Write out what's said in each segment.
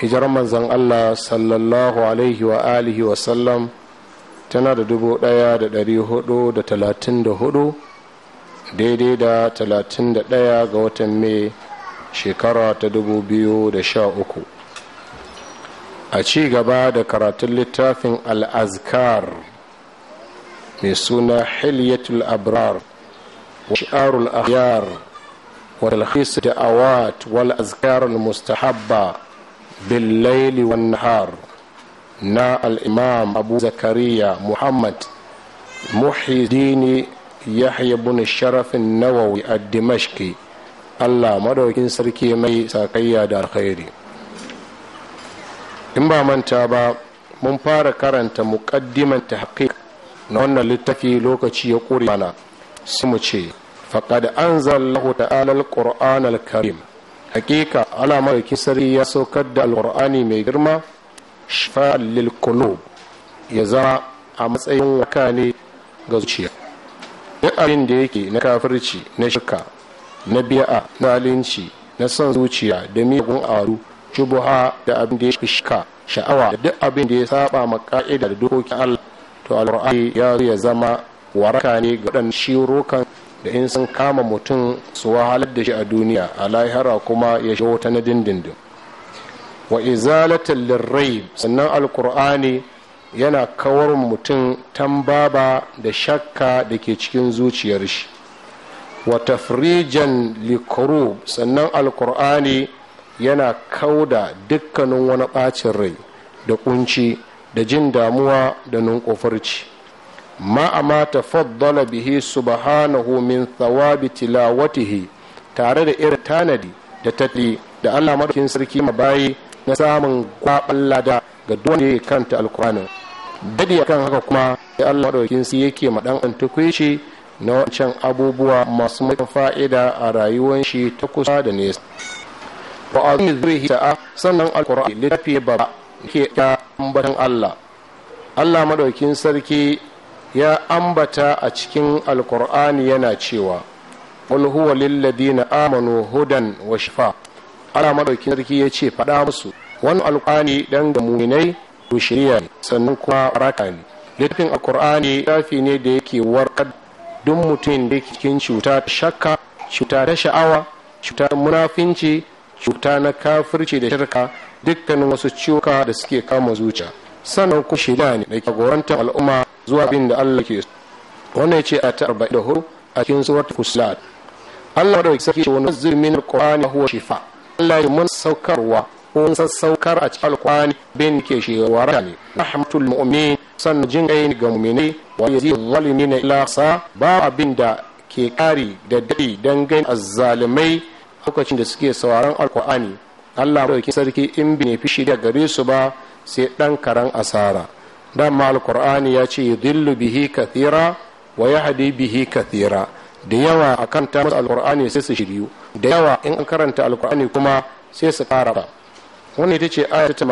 hijar manzan allah sallallahu alaihi wa alihi wa sallam tana da dubu daya da dari hudu da talatin da hudu daidai da talatin da daya ga watan mai shekara ta dubu biyu da sha uku a ci gaba da karatun littafin al'azkar mai suna hilyatul abrar wa shi'arul akhyar wa da awat wal azkar mustahabba billaili wan nahar na al'imam abu zakariya muhammad muhyiddini yahya bin sharafin nawawi a dimashki allah madaukin sarki mai sakayya da alkhairi in ba manta ba mun fara karanta muƙaddiman ta na wannan littafi lokaci ya ƙure mana sai mu ce faƙad an zallahu ta'ala al-ƙur'an al-karim hakika ana maraki sarki ya saukar da alkur'ani mai girma shifa lil ya zama a matsayin waka ne ga zuciya duk abin da yake na kafirci na shirka na biya na zalunci na son zuciya da miyagun aru shubuha da abin da ya shika sha'awa da duk abin da ya saba ma ka'ida da dokokin Allah to alkur'ani ya zama waraka ne ga dan kan. da in sun kama mutum su wahalar da shi a duniya a lahira kuma ya shi wata na dindindin wa rai lirrai sannan alkur'ani yana kawar mutum tambaba da shakka da ke cikin zuciyar shi wa tafrijan likuru sannan alkur'ani yana kauda dukkanin wani ɓacin rai da kunci da jin damuwa da nunkofarci ma ma tafaddala bihi su subhanahu min thawabi tilawatihi tare da irin tanadi da tafi da Allah madaukin sarki mabayi na samun kwaɓan lada ga wanda ya kanta alkur'anin dadi akan haka kuma sai Allah madaukin sarki yake madan antukwishi na wancan abubuwa masu mutum fa'ida a rayuwar shi ta kusa da nesa wa azmi zurihi ta'a sannan alkur'ani littafi baba ke da ambatan Allah Allah madaukin sarki ya ambata a cikin alkur'ani yana cewa qul huwa lilladina amanu hudan wa shifa ana madaukin sarki ya ce faɗa musu wannan alkur'ani dan ga muminai to shirya ne sannan kuma waraka ne littafin alkur'ani littafi ne da yake warkar duk mutumin da yake cikin cuta ta shakka cuta ta sha'awa cuta ta munafinci cuta na kafirci da shirka dukkanin wasu ciwuka da suke kama zuciya sannan kuma shirya ne da ke al'umma zuwa abin da Allah ke wannan ce a ta arba'in da hudu a cikin surat fusilat Allah da wake sarki ce wani zai min huwa shifa Allah ya mun saukarwa ko mun sassaukar a cikin alkwani bin ke shewara ne rahmatul mu'min sannan jin kai ga mu'mini wa yazi zalimi na ilasa ba abin da ke kari da dan dangane azzalimai lokacin da suke sauraron alkwani Allah da wake sarki in bi ne fishi da gare su ba sai ɗan karan asara dama alkur'ani ya ce zillu bihi kathira wa yahdi bihi kathira da yawa akan kan ta alkur'ani sai su shiryu da yawa in an karanta alkur'ani kuma sai su fara ba wannan ita ce aya ta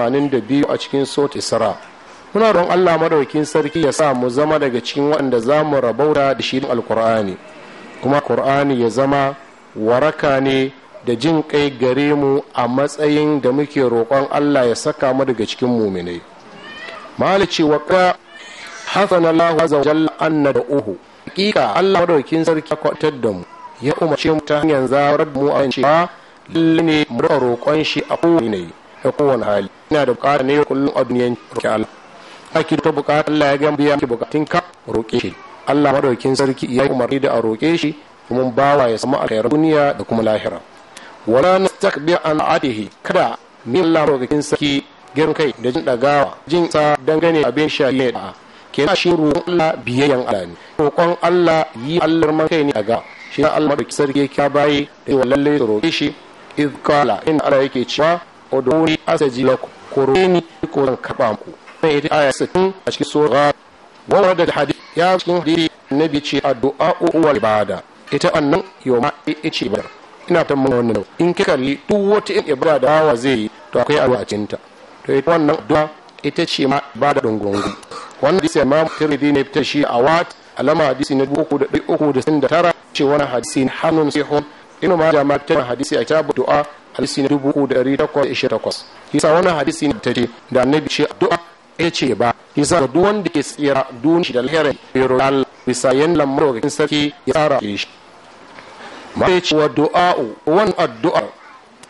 biyu a cikin sot isra muna don Allah madaukin sarki ya sa mu zama daga cikin waɗanda za mu rabauta da shirin alkur'ani kuma kur'ani ya zama waraka ne da jin kai gare mu a matsayin da muke roƙon Allah ya saka mu daga cikin muminai ce wa ƙwa hasan Allah wa wa jalla na da uhu hakika Allah maɗaukin sarki kwatar da mu ya umarce mu ta hanyar zawar da mu a cewa lalle ne mu da. roƙon shi a kowane ne da kowane hali ina da bukata ne kullum a duniyan roƙe Allah kake ta bukata Allah ya gan biya ki bukatun ka roƙe shi Allah maɗaukin sarki ya umarni da a roƙe shi kuma bawa ya samu alkhairar duniya da kuma lahira wala nastakbir an adihi kada min Allah maɗaukin sarki girin kai da jin dagawa jin sa dangane abin sha ne da ke na shiru Allah biyayyan Allah ne roƙon Allah yi Allah man kai ne daga shi Allah kisar sarki ka baye da yawa lalle su roƙe shi iz kala in Allah yake cewa uduni asaji lakum ko roƙe ni ko zan karɓa muku sai ita aya 60 a cikin sura wannan da hadisi ya cikin hadisi nabi ce addu'a wal ibada ita annan yau ma ice bar ina ta wannan in ka kalli duk wata in ibada wa zai yi to akwai alwa to ita wannan addu'a ita ce ma ibada dungungu wannan hadisi imam tirmidhi ne fitar shi a wat alama hadisi na uku da uku da sin da tara ce wannan hadisi hannun sihun inu ma jama'a ta hadisi a kitabu du'a hadisi na dubu uku da ɗari takwas da ishirin takwas kisa wannan hadisi ne ta ce da annabi ce addu'a ita ce ba kisa da duk wanda ke tsira duniya shi da lahirin birral bisa yan lamarogakin sarki ya tsara shi ma ce wa du'a'u wani addu'a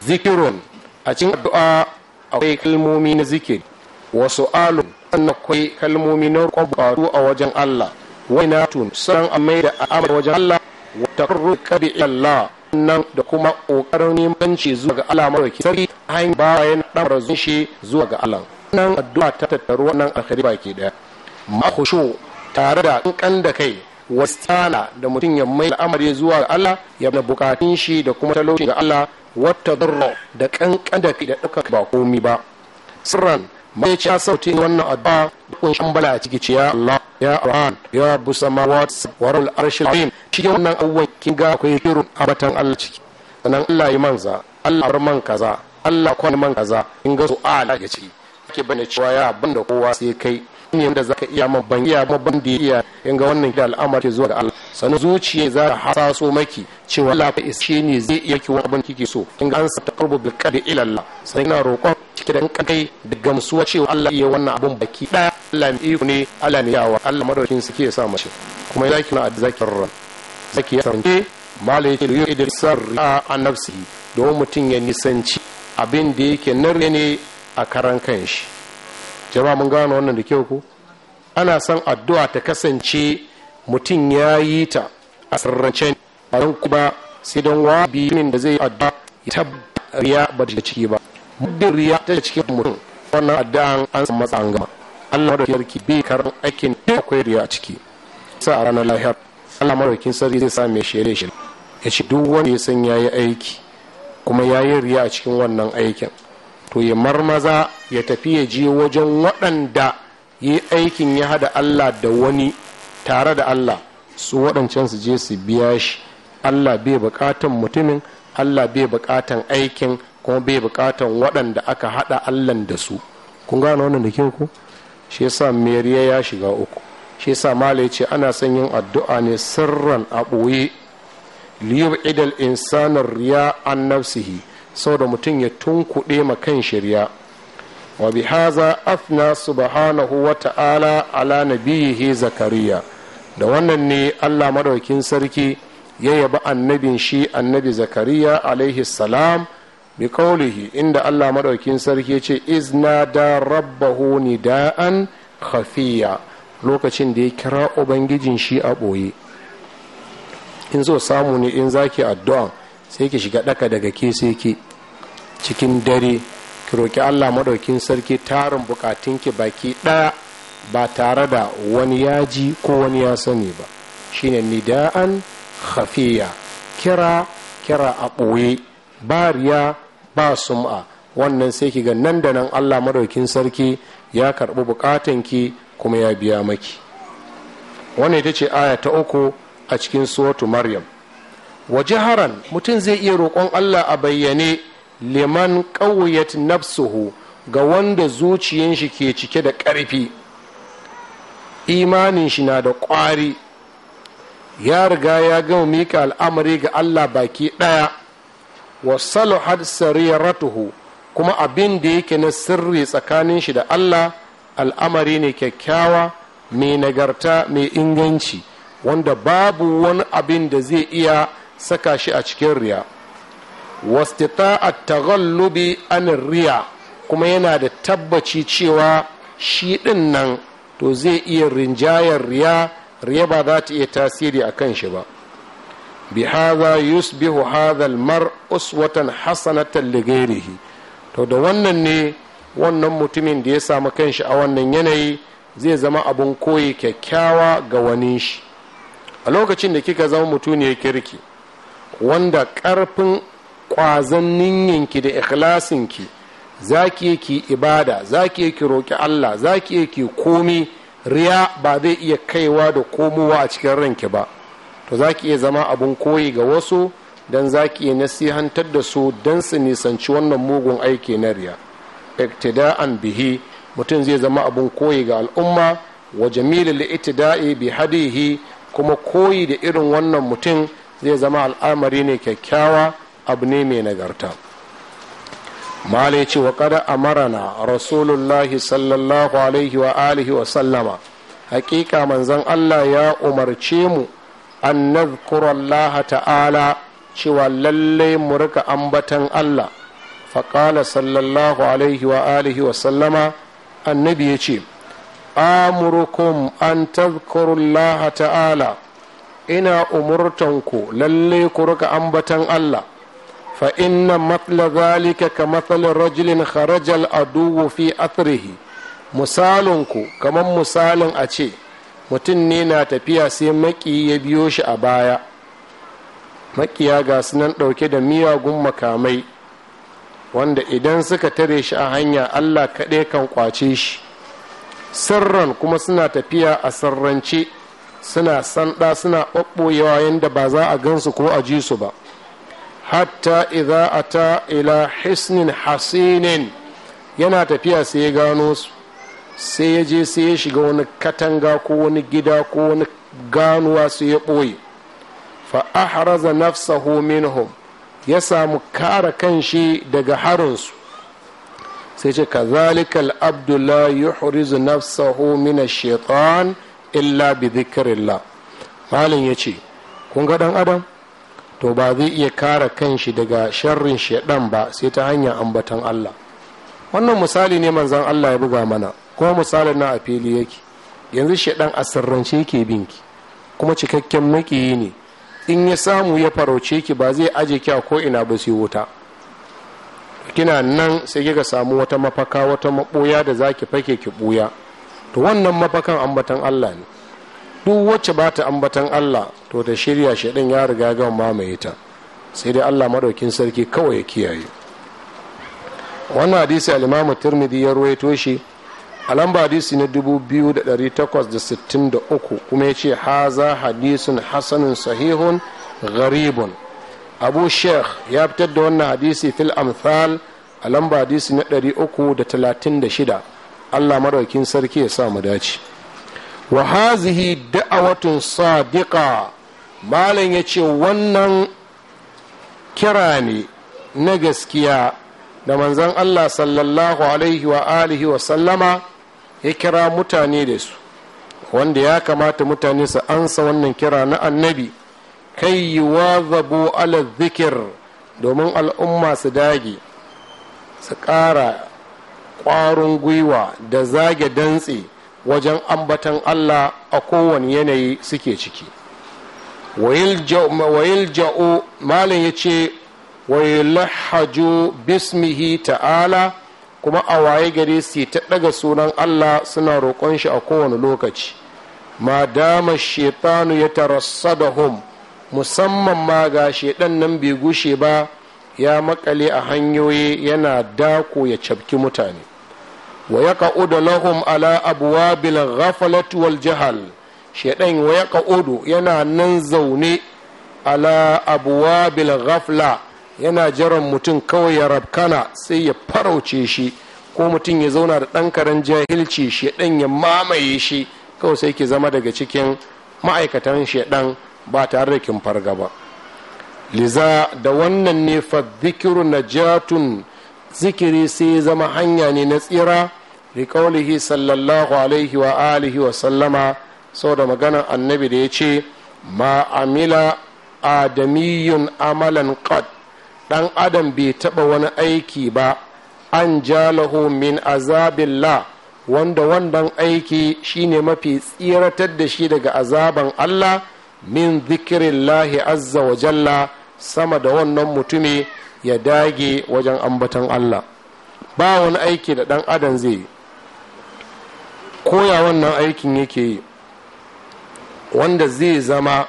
zikirun a cikin addu'a akwai kalmomi na zikiri wasu alu sannan akwai kalmomi na kwabatu a wajen Allah na tun san a mai da al'amar wajen Allah wata kurru kabi Allah nan da kuma kokarin nemanci zuwa ga Allah marauki sarki hanyar bayan ɗamar zun zuwa ga Allah nan addu'a ta tattaru wannan alkhari baki ɗaya makushu tare da kan da kai wastana da mutum ya mai al'amari zuwa ga Allah ya bukatun shi da kuma talauci ga Allah wata darro da kankan da da duka ba komi ba sirran ya ci sautin wannan addu'a da kunshin bala ciki ce ya Allah ya Rahman ya Rabu samawat wa Rabbul arshil azim cikin wannan awwan kin ga akwai shirin abatan Allah ciki sanan Allah yi manza Allah bar man kaza Allah kwan man kaza in ga su su'ala ga ciki kike bane cewa ya abin da kowa sai kai ne da ka iya mabban iya mabban da iya in ga wannan da al'amar ke zuwa ga Allah sanu zuciya za ta hasaso maki cewa Allah ka ishe ne zai iya ki wani abin kike so in ga an sa taqarbu bil qadi ila Allah sai ina roƙon cike da kai da gamsuwa cewa Allah iya wannan abin baki daya Allah ne iko ne Allah ne yawa Allah madaukin sa ke sa mace kuma ya ki na ran zaki ya sarke malai ke yi da sarri a annabsi don mutum ya nisanci abin da yake narre ne a karan kanshi jama'a mun gano wannan da kyau ku. ana son addu'a ta kasance mutum ya yi ta a sirrance ba don kuma sai don wabi da zai addu'a ya tabbatar ba da ciki ba muddin riya ta cikin mutum wannan addu'an an san matsa gama Allah da yarki bi karan aikin da akwai riya a ciki sa a ranar lahiyar Allah madaukin sarki zai sa mai shere shi ya ce duk wanda ya san yayi aiki kuma ya yi riya a cikin wannan aikin to ya marmaza ya tafi ya je wajen waɗanda yi aikin ya haɗa Allah da wani tare da Allah su waɗancan su je su biya shi Allah bai buƙatan mutumin Allah bai buƙatan aikin kuma bai buƙatan waɗanda aka haɗa Allah da su kun gane wannan da ku shi yasa meriya ya shiga uku shi yasa mala ce ana son yin addu'a ne sirran a liyub idal insanar riya an nafsihi sau da mutum ya tunkuɗe ma kan shirya wa bi haza afna subhanahu wa ta'ala ala nabiyihi zakariya da wannan ne allah madaukin sarki ya yaba annabin shi annabi zakariya alaihi salam bi kaulihi inda allah madaukin sarki ce izna da rabbahu nida'an khafiya lokacin da ya kira ubangijin shi a ɓoye in zo samu ne in zaki addu'an. sai ki shiga daka daga ke sai ki cikin dare ki roki Allah maɗaukin sarki tarin bukatunki baki ɗaya ba tare da wani yaji ko wani ya sani ba shine nida'an hafiya kira kira a ɓoye ba riya ba sum'a wannan sai ki ga nan da nan Allah maɗaukin sarki ya karɓi bukatanki kuma ya biya maki wannan ita ce aya ta uku a cikin suwatu maryam wa mutum zai iya roƙon allah a bayyane liman ƙauyat nafsuhu ga wanda zuciyan shi ke cike da ƙarfi imanin shi na da ƙwari ya riga ya gama mika al'amari ga allah baki ɗaya wa saluhat sariratuhu kuma abin da yake na sirri tsakanin shi da allah al'amari ne kyakkyawa mai nagarta mai inganci wanda babu wani abin da zai iya saka shi a cikin riya wastita a taghallubi anin riya kuma yana da tabbaci cewa shi ɗin nan to zai iya rinjayar riya riya ba za ta iya tasiri a kan shi ba bi haza yusbihu hadal mar uswatan hasanatan li ghairihi to da wannan ne wannan mutumin da ya samu kanshi a wannan yanayi zai zama abun koyi kyakkyawa ga wani shi a lokacin da kika zama mutum ne kirki wanda ƙarfin ƙwazon ninyanki da ikhlasinki za ki yi ki ibada za ki yi ki roƙi allah za ki yi ki komi riya ba zai iya kaiwa da komowa a cikin ranki ba to za ki iya zama abin koyi ga wasu don za ki iya nasihantar da su don su nisanci wannan mugun aiki na riya iktida'an bihi mutum zai zama abin koyi ga al'umma wa jamilul bi hadihi kuma koyi da irin wannan mutum zai zama al'amari ne kyakkyawa abu ne mai nagarta malai wa kada amarana rasulullahi sallallahu alaihi wa alihi wa sallama hakika manzon allah ya umarce mu an Allah ta'ala cewa lallai mu rika ambatan allah faƙala sallallahu alaihi wa alihi wa sallama annabi ya ce amurukum an tazkurullaha ta'ala ina umurtanku lalle ku rika ambatan Allah fa inna matla zalika ka matsalin rajulin kharajal aduwu fi athrihi misalinku kamar misalin a ce mutum ne na tafiya sai maki ya biyo shi a baya makiya ga nan ɗauke da miyagun makamai wanda idan suka tare shi a hanya allah kaɗai kan kwace shi sirran kuma suna tafiya a sirrance suna sanda suna ɓaɓɓoyewa yadda ba za a gansu ko a ji su ba hatta idza ata ila hisnin hasinin yana tafiya sai ya gano su sai ya je sai ya shiga wani katanga ko wani gida ko wani ganuwa sai ya ɓoye fa ahraza nafsahu minhum ya samu kare shi daga harinsu sai ce kazalikal abdullah yuhrizu nafsahu min ash-shaytan illa bi malin ya ce kun ga dan adam to ba zai iya kare kanshi daga sharrin shaidan ba sai ta hanyar ambatan Allah wannan misali ne manzan Allah ya buga mana kuma misalin na a fili yake yanzu shaidan a sirrance yake binki kuma cikakken makiyi ne in ya samu ya farauce ki ba zai aje ki a ko ina ba sai wuta kina nan sai kika samu wata mafaka wata maboya da zaki fake ki buya to wannan mafakan ambatan Allah ne duk wacce ba ta ambatan Allah to ta shirya shaɗin ya riga gama mamaye ta sai dai Allah maɗaukin sarki kawai ya kiyaye wannan hadisi al-Imam Tirmidhi ya ruwaito shi a lamba hadisi na 2863 kuma ya ce haza hadisun hasanun sahihun gharibun abu sheikh ya fitar da wannan hadisi fil amthal a lamba hadisi na 336 allah maraukin sarki ya sa mu dace wa hazihi da'awatun sadiqa malam ya ce wannan kira ne na gaskiya da manzan allah sallallahu alaihi wa alihi wa sallama ya kira mutane da su wanda ya kamata mutane su ansa wannan kira na annabi kai yi wazabu ala zikir domin al'umma su dage su ƙara ƙwarin gwiwa da zage dantse wajen ambatan Allah a kowane yanayi suke ciki wayil ja'o malin ya ce wayilhajo bismihi ta'ala kuma a waye gare su ta ɗaga sunan Allah suna roƙon shi a kowane lokaci ma dama shetanu ya hom musamman ma ga shedan nan bai gushe ba ya makale a hanyoyi yana dako ya cafki mutane wa yaqa'udu lahum ala abwabil ghaflati wal jahal shedan wa yaqa'udu yana nan zaune ala abwabil ghafla yana jiran mutum kawai ya rabkana sai ya farauce shi ko mutum ya zauna da ɗan karen jahilci shedan ya mamaye shi kawai sai ki zama daga cikin ma'aikatan shedan ba tare da kin farga liza da wannan ne fa zikiru najatun zikiri sai zama hanya ne na tsira bi kaulihi sallallahu alaihi wa alihi wa sallama saboda annabi da ya ce ma amila adamiyun amalan ƙad ɗan adam bai taɓa wani aiki ba an jalahu min azabillah wanda wannan aiki shine mafi tsiratar da shi daga azaban Allah min lahi azza wa jalla sama da wannan mutumi ya dage wajen ambatan Allah ba wani aiki da ɗan adam zai yi koya wannan aikin yake yi wanda zai zama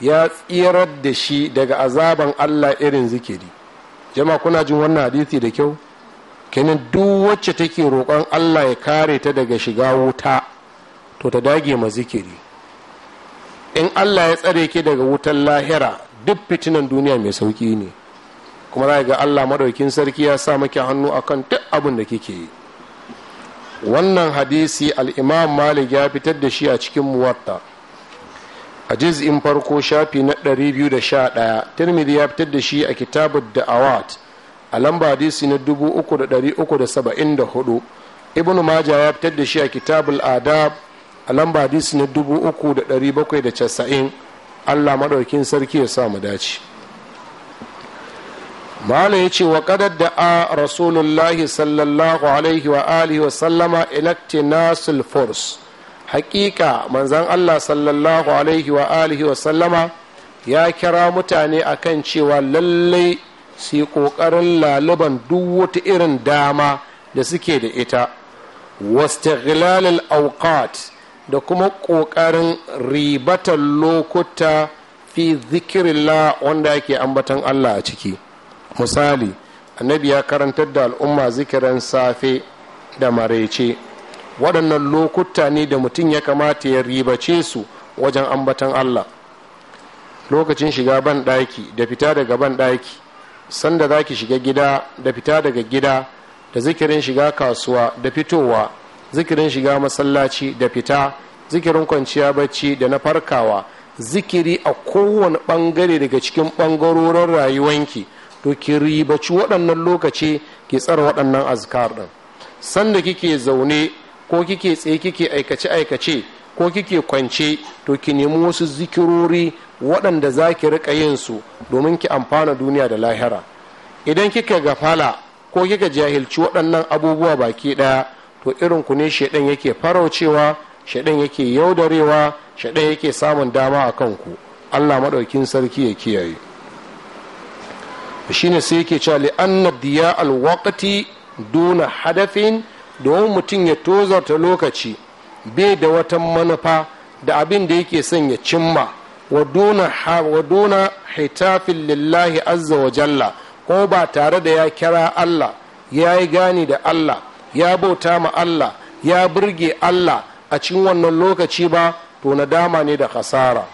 ya tsirar da shi daga azaban allah irin zikiri jama kuna jin wannan hadisi da kyau kenan duk wacce take roƙon allah ya kare ta daga shiga wuta to ta dage ma zikiri in allah ya tsare ke daga wutar lahira duk fitinan duniya mai sauki ne kuma za ga allah maɗaukin sarki ya sa maki hannu akan duk abin da kike yi wannan hadisi al'imam malik ya fitar da shi a cikin muwatta a jiz'in farko shafi na 211 tirmidhi ya fitar da shi a da da'awat a lamba hadisi na 3374 ibn maja ya fitar da shi a kitabul adab a lamba hadisi na 3790 allah maɗaukin sarki ya sa mu dace mala ya ce wa kadar da a rasulullahi sallallahu alaihi wa alihi wa sallama force hakika manzan allah sallallahu alaihi wa alihi wa sallama ya kira mutane akan cewa lallai su yi ƙoƙarin laluban duk wata irin dama da suke da ita wastighilalil aukat da kuma ƙoƙarin ribatan lokuta fi zikirillah wanda yake ambatan allah a ciki misali annabi ya karantar da al'umma zikirin safe da maraice waɗannan lokuta ne da mutum ya kamata ya ribace su wajen ambatan allah lokacin shiga ban ɗaki da fita daga ban ɗaki sanda za ki shiga gida da fita daga gida da zikirin shiga kasuwa da fitowa zikirin shiga masallaci da fita zikirin kwanciya bacci da na farkawa zikiri a kowane ɓangare daga cikin ɓangarorin rayuwanki to ki ribaci waɗannan lokaci ki tsara waɗannan azkar ɗin sanda kike zaune ko kike tsaye kike aikace aikace ko kike kwance to ki nemi wasu zikirori waɗanda za ki riƙa yin su domin ki amfana duniya da lahira idan kika gafala ko kika jahilci waɗannan abubuwa baki ɗaya to irin ku ne shaidan yake faraucewa shaidan yake yaudarewa shaidan yake samun dama a kanku allah maɗaukin sarki ya kiyaye shine sai yake cewa li'anna diya alwakati duna hadafin domin mutum ya tozarta lokaci bai da wata manufa da abin da yake son ya cimma wa duna hitafin lillahi azza wa jalla ko ba tare da ya kira Allah ya yi gani da Allah ya bauta ma Allah ya burge Allah a cikin wannan lokaci ba to na dama ne da khasara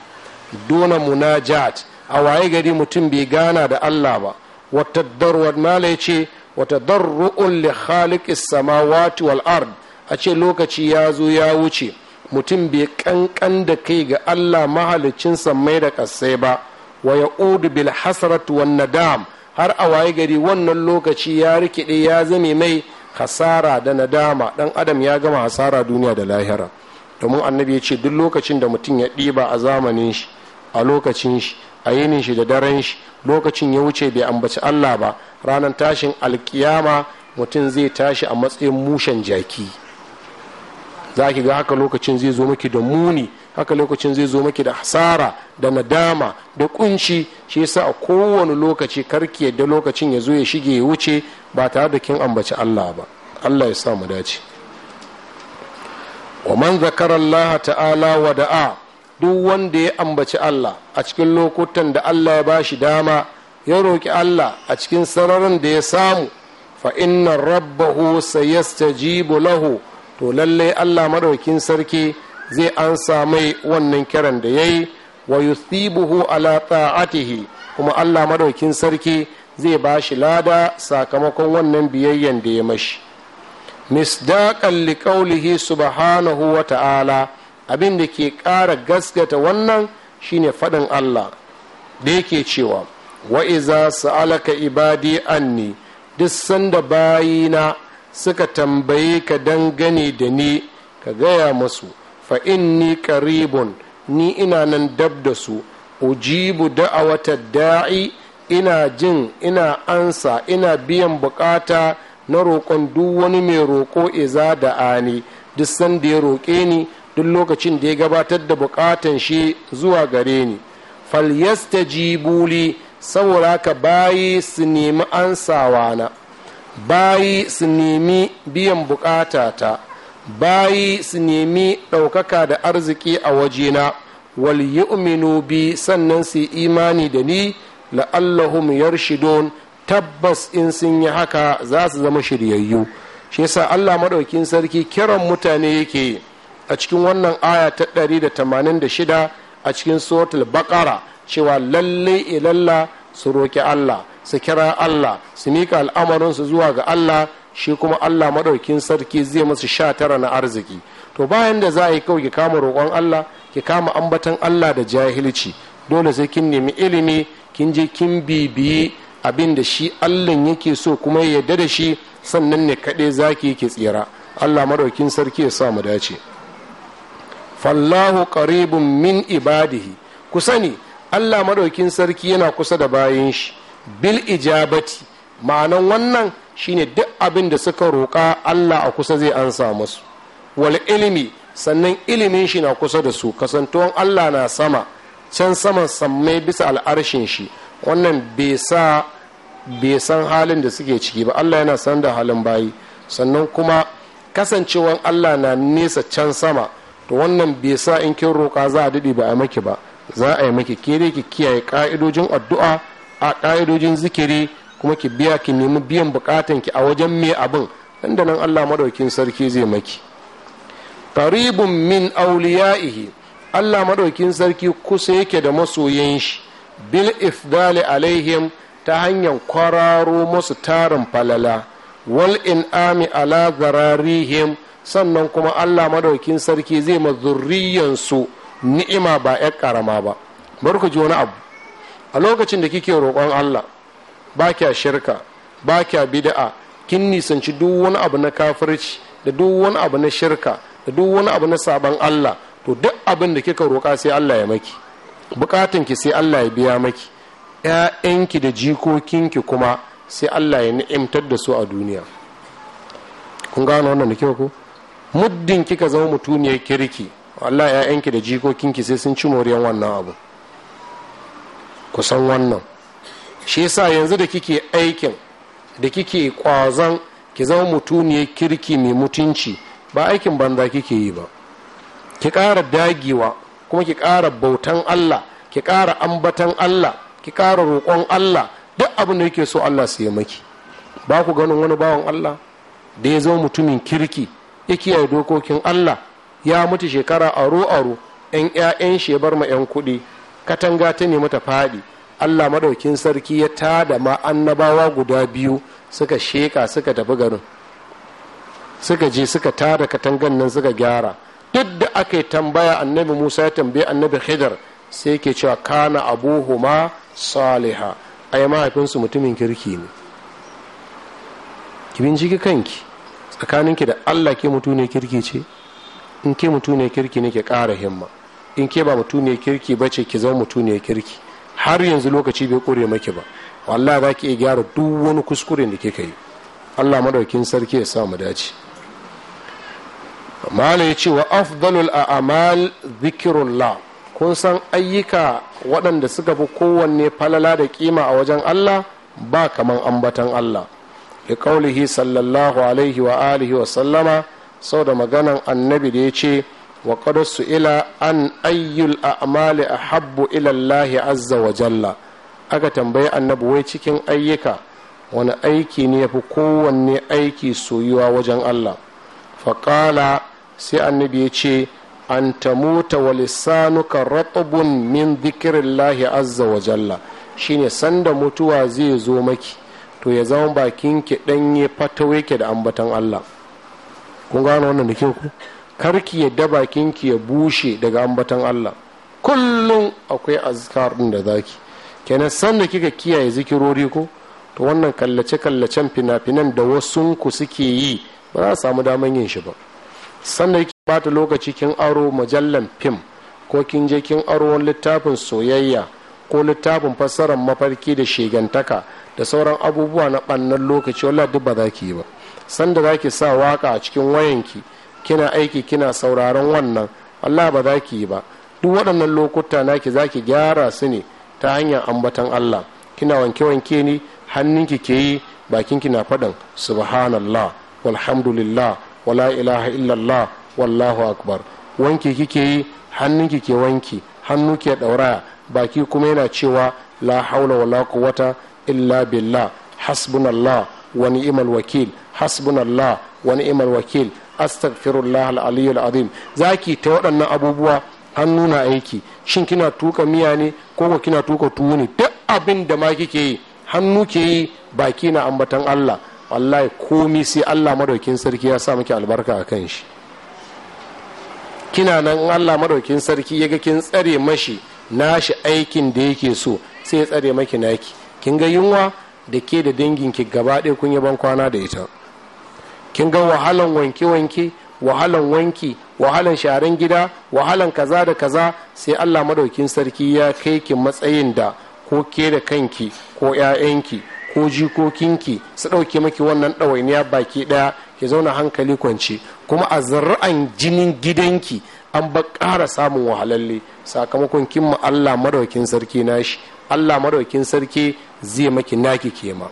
duna munajat a waye gari mutum bai gana da Allah ba wata darwar mala ya ce wata darru'un li khaliq samawati wal ard a ce lokaci ya zo ya wuce mutum bai kankan da kai ga Allah mahalicin mai da kasai ba wa udu bil hasrat wan nadam har a waye gari wannan lokaci ya rikide ya zame mai hasara da nadama dan adam ya gama hasara duniya da lahira domin annabi ya ce duk lokacin da mutum ya ɗiba a zamanin shi a lokacin shi a yinin shi da daren shi lokacin ya wuce bai ambaci Allah ba ranar tashin alkiyama mutum zai tashi a matsayin mushen jaki za ki ga haka lokacin zai zo miki da muni haka lokacin zai zo maki da hasara da nadama da kunci shi yasa a kowane lokaci karki yadda lokacin ya zo ya shige ya wuce ba tare da kin ambaci Allah ba Allah ya sa mu dace wa man zakara Allah ta'ala wa da'a duk wanda ya ambaci Allah a cikin lokutan da Allah ya bashi dama ya roƙi Allah a cikin sararin da ya samu fa inna rabbahu sayastajibu lahu to lallai Allah madaukin sarki zai ansa mai wannan kiran da yayi wa yuthibuhu ala ta'atihi kuma Allah madaukin sarki zai bashi lada sakamakon wannan biyayyen da ya mashi misdaqan liqaulihi subhanahu wa ta'ala abin da ke ƙara gaskata wannan shine faɗin allah da yake cewa wa'iza sa'alaka ibadi anni duk sanda bayina suka tambaye ka dangane da ni ka gaya masu fa inni karibun ni ina nan dab da su ujibu da'awata da'i ina jin ina ansa ina biyan bukata na roƙon duk wani mai roƙo iza da ani duk sanda ya roƙe ni duk lokacin da ya gabatar da bukatan shi zuwa gare ni jibuli saboda haka bayi su nemi ansawa na bayi su nemi biyan bukatata bayi su nemi ɗaukaka da arziki a wajena wal yu'minu bi sannan su imani da ni la'allahum don tabbas in sun yi haka za su zama shiryayyu shi yasa Allah maɗaukin sarki kiran mutane yake yi a cikin wannan aya ta ɗari da da tamanin shida, a cikin suratul bakara, cewa lalle ilalla e su roki Allah su kira Allah su mika su zuwa ga Allah shi kuma Allah maɗaukin sarki zai masu sha tara na arziki to bayan da za a yi kawai ki kama roƙon Allah ki kama ambatan Allah da jahilci dole sai kin nemi ilimi kin je kin bibiyi abin da shi Allah yake so kuma ya yarda da shi sannan ne kaɗai zaki ki tsira Allah maɗaukin sarki ya sa mu dace fallahu qaribun min ibadihi ku sani allah maɗaukin sarki yana kusa da bayan shi bil ijabati ma'anan wannan shine duk abin da suka roƙa allah a kusa zai ansa musu wal ilimi sannan ilimin shi na kusa da su kasantuwan allah na sama can saman sammai bisa al'arshin shi wannan bai san halin da suke ciki ba allah yana san da halin bayi sannan kuma kasancewan allah na nesa can sama to wannan bai sa in kin roƙa za a daɗe ba a maki ba za a yi maki ke dai ki kiyaye ƙa'idojin addu'a a ƙa'idojin zikiri kuma ki biya ki nemi biyan buƙatan ki a wajen me abin inda da nan Allah madaukin sarki zai maki qaribun min awliya'ihi Allah madaukin sarki kusa yake da masoyan shi bil ifdali alaihim ta hanyar kwararo masu tarin falala wal in'ami ala zararihim sannan kuma allah madaukin sarki zai ma zurriyansu ni'ima ba 'yar karama ba bari ku ji wani abu a lokacin da kike roƙon allah ba kya shirka ba kya bida'a kin nisanci duk wani abu na kafirci da duk wani abu na shirka da duk wani abu na sabon allah to duk abin da kika roƙa sai allah ya maki bukatan ki sai allah ya biya maki ƴaƴanki da jikokinki kuma sai allah ya ni'imtar da su a duniya kun gano wannan da kyau ko muddin kika zama mutuniyar kirki Allah ya yanki da jikokinki sai sun ci moriyar wannan abu ku san wannan shi yasa yanzu da kike aikin da kike kwazon ki zama mutuniyar kirki mai mutunci ba aikin banza kike yi ba ki ƙara dagewa kuma ki ƙara bautan Allah ki ƙara ambatan Allah ki ƙara roƙon Allah duk abin da yake so Allah su yi maki ba ku ganin wani bawan Allah da ya zama mutumin kirki ya kiyaye dokokin Allah ya mutu shekara aro aro yan 'ya'yan shi bar ma yan kuɗi katanga ta nemi ta faɗi Allah maɗaukin sarki ya tada ma annabawa guda biyu suka sheka suka tafi garin suka je suka tada katangan nan suka gyara duk da aka yi tambaya annabi Musa ya tambaye annabi Khidr sai yake cewa kana abuhuma saliha ai mahaifinsu mutumin kirki ne ki binciki kanki tsakaninki da allah ke mutu ne kirki ce in ke mutu ne kirki ne ke ƙara himma in ke ba mutu ne kirki ba ce ki zama mutu ne kirki har yanzu lokaci bai kure maki ba wallahi za ki iya gyara duk wani kuskure da kika yi allah madaukin sarki ya sa mu dace amma ya ce wa afdalul a'mal zikirullah kun san ayyuka waɗanda suka fi kowanne falala da kima a wajen allah ba kaman ambatan allah da kaulihi sallallahu alaihi wa alihi wa sallama sau da maganan annabi da ya ce wa su ila an ayyul a'mali a habbu ilallahi azza wa jalla aka tambayi annabi wai cikin ayyuka wani aiki ne ya fi kowanne aiki soyuwa wajen allah faƙala sai annabi ya ce an tamuta wa lissanuka ratubun min zikirillahi azza wa jalla shine sanda mutuwa zai zo maki to ya zama bakin ki danye fatau yake da ambatan Allah kun gano wannan da kyau ku karki yadda bakin ki ya bushe daga ambatan Allah kullum akwai azkar din da zaki kenan san da kika kiyaye zikirori ko to wannan kallace kallacen fina-finan da wasu ku suke yi ba za a samu daman yin shi ba san da kike bata lokaci kin aro mujallan fim ko kin je kin aro wani littafin soyayya ko littafin fassarar mafarki da shegantaka da sauran abubuwa na ɓannan lokaci wala duk ba za ki yi ba sanda za ki sa waka a cikin wayanki kina aiki kina sauraron wannan Allah ba za ki yi ba duk waɗannan lokuta naki za ki gyara su ne ta hanyar ambatan Allah kina wanke-wanke ni, hannunki ke yi bakinki na faɗin subhanallah walhamdulillah wala ilaha illallah wallahu akbar wanki kike yi hannunki ke wanki hannu ke ɗauraya baki kuma yana cewa la haula wala quwwata illa billah hasbunallah wa ni'mal wakil hasbunallah wa ni'mal wakil astaghfirullah al azim zaki ta waɗannan abubuwa hannu na aiki shin kina tuka miya ne ko ko kina tuka tuwo ne duk abin da ma kike yi hannu ke yi baki na ambatan Allah wallahi komi sai Allah madaukin sarki ya sa miki albarka a kan shi kina nan in Allah madaukin sarki ya ga kin tsare mashi nashi aikin da yake so sai ya tsare maki naki kin ga yunwa da ke da danginki gaba ɗaya kun yi ban kwana da ita kin ga wahalan wanke-wanke wahalan wanki wahalan sharan gida wahalan kaza da kaza sai allah madaukin sarki ya kai ki matsayin da ko ke da kanki ko 'ya'yanki ko jikokinki su ɗauke maki wannan ɗawainiya baki ɗaya ki zauna hankali kwanci kuma a zarra'an jinin gidanki an ba ƙara samun wahalalle sakamakon kin Allah madaukin sarki nashi Allah madaukin sarki zai maki naki kema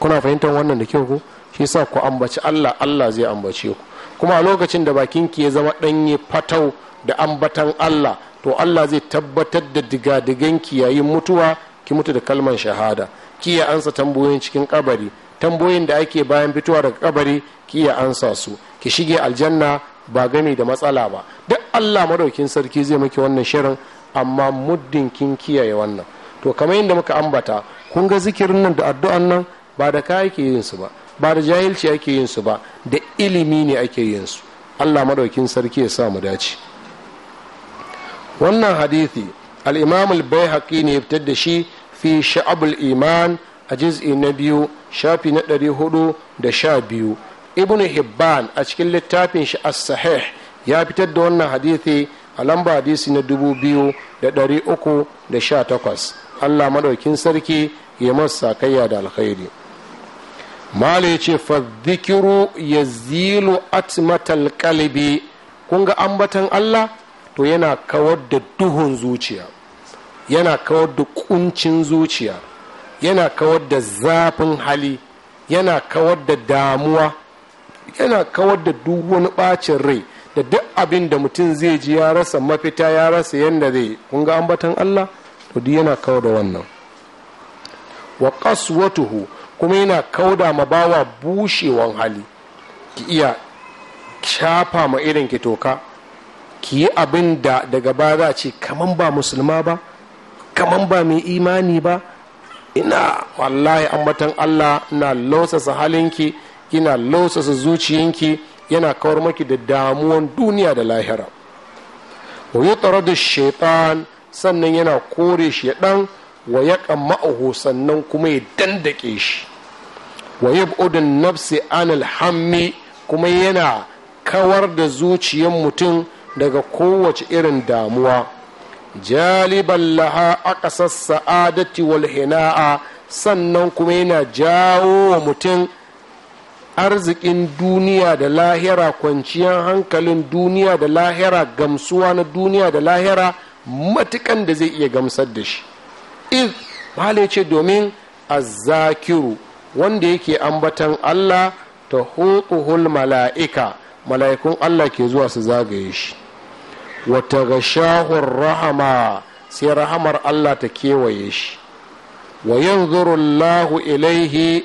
kuna fahimtar wannan da kyau ko shi sa ku ambaci Allah Allah zai ambace ku kuma a lokacin da bakin ki ya zama danye fatau da ambatan Allah to Allah zai tabbatar da digadigan ki yayin mutuwa ki mutu da kalmar shahada ki ya ansa tambayoyin cikin kabari tambayoyin da ake bayan fitowa daga kabari ki ya ansa su ki shige aljanna ba gami da matsala ba duk Allah madaukin sarki zai maki wannan shirin amma muddin kin kiyaye wannan to kamar yadda muka ambata kun ga zikirin nan da addu'an nan ba da ka ke yin su ba ba da jahilci ake yin su ba da ilimi ne ake yin su allah madaukin sarki ya sa mu dace wannan hadithi al-imam al-baihaqi ne ya fitar da shi fi sha'abul iman a juz'i na biyu shafi na ɗari hudu da sha biyu ibn hibban a cikin littafin shi as-sahih ya fitar da wannan hadithi a lamba hadisi na dubu biyu da ɗari uku da sha takwas allah madaukin sarki ya masa kayya da alkhairi malai ce fadhikiru ya zilu atmatal kalbi kun ga ambatan allah to yana kawar da duhun zuciya yana kawar da kuncin zuciya yana kawar da zafin hali yana kawar da damuwa yana kawar da duk wani bacin rai da duk abin da mutum zai ji ya rasa mafita ya rasa yadda zai kun ga ambatan allah to duk yana kawo da wannan wa qaswatuhu kuma yana kauda ma bawa bushewan hali ki iya shafa ma irin ki toka ki yi abin da daga ba za ce kaman ba musulma ba kaman ba mai imani ba ina wallahi ambatan Allah na lausasa halinki kina lausasa zuciyanki yana kawar maki da damuwan duniya da lahira wa da shaitan sannan yana kore shi ya ɗan wa ya ma'ahu sannan kuma ya dandake shi wa yab'udun nafsi anil hammi kuma yana kawar da zuciyan mutum daga kowace irin damuwa jaliban laha aqsas sa'adati wal hina'a sannan kuma yana jawo wa mutum arzikin duniya da lahira kwanciyar hankalin duniya da lahira gamsuwa na duniya da lahira matukan da zai iya gamsar da shi iz mahala ce domin azzakiru wanda yake ambatan allah ta hukuhul mala'ika mala'ikun allah ke zuwa su zagaye shi wata gashahun rahama sai rahamar allah ta kewaye shi wa yanzurullahu ilaihi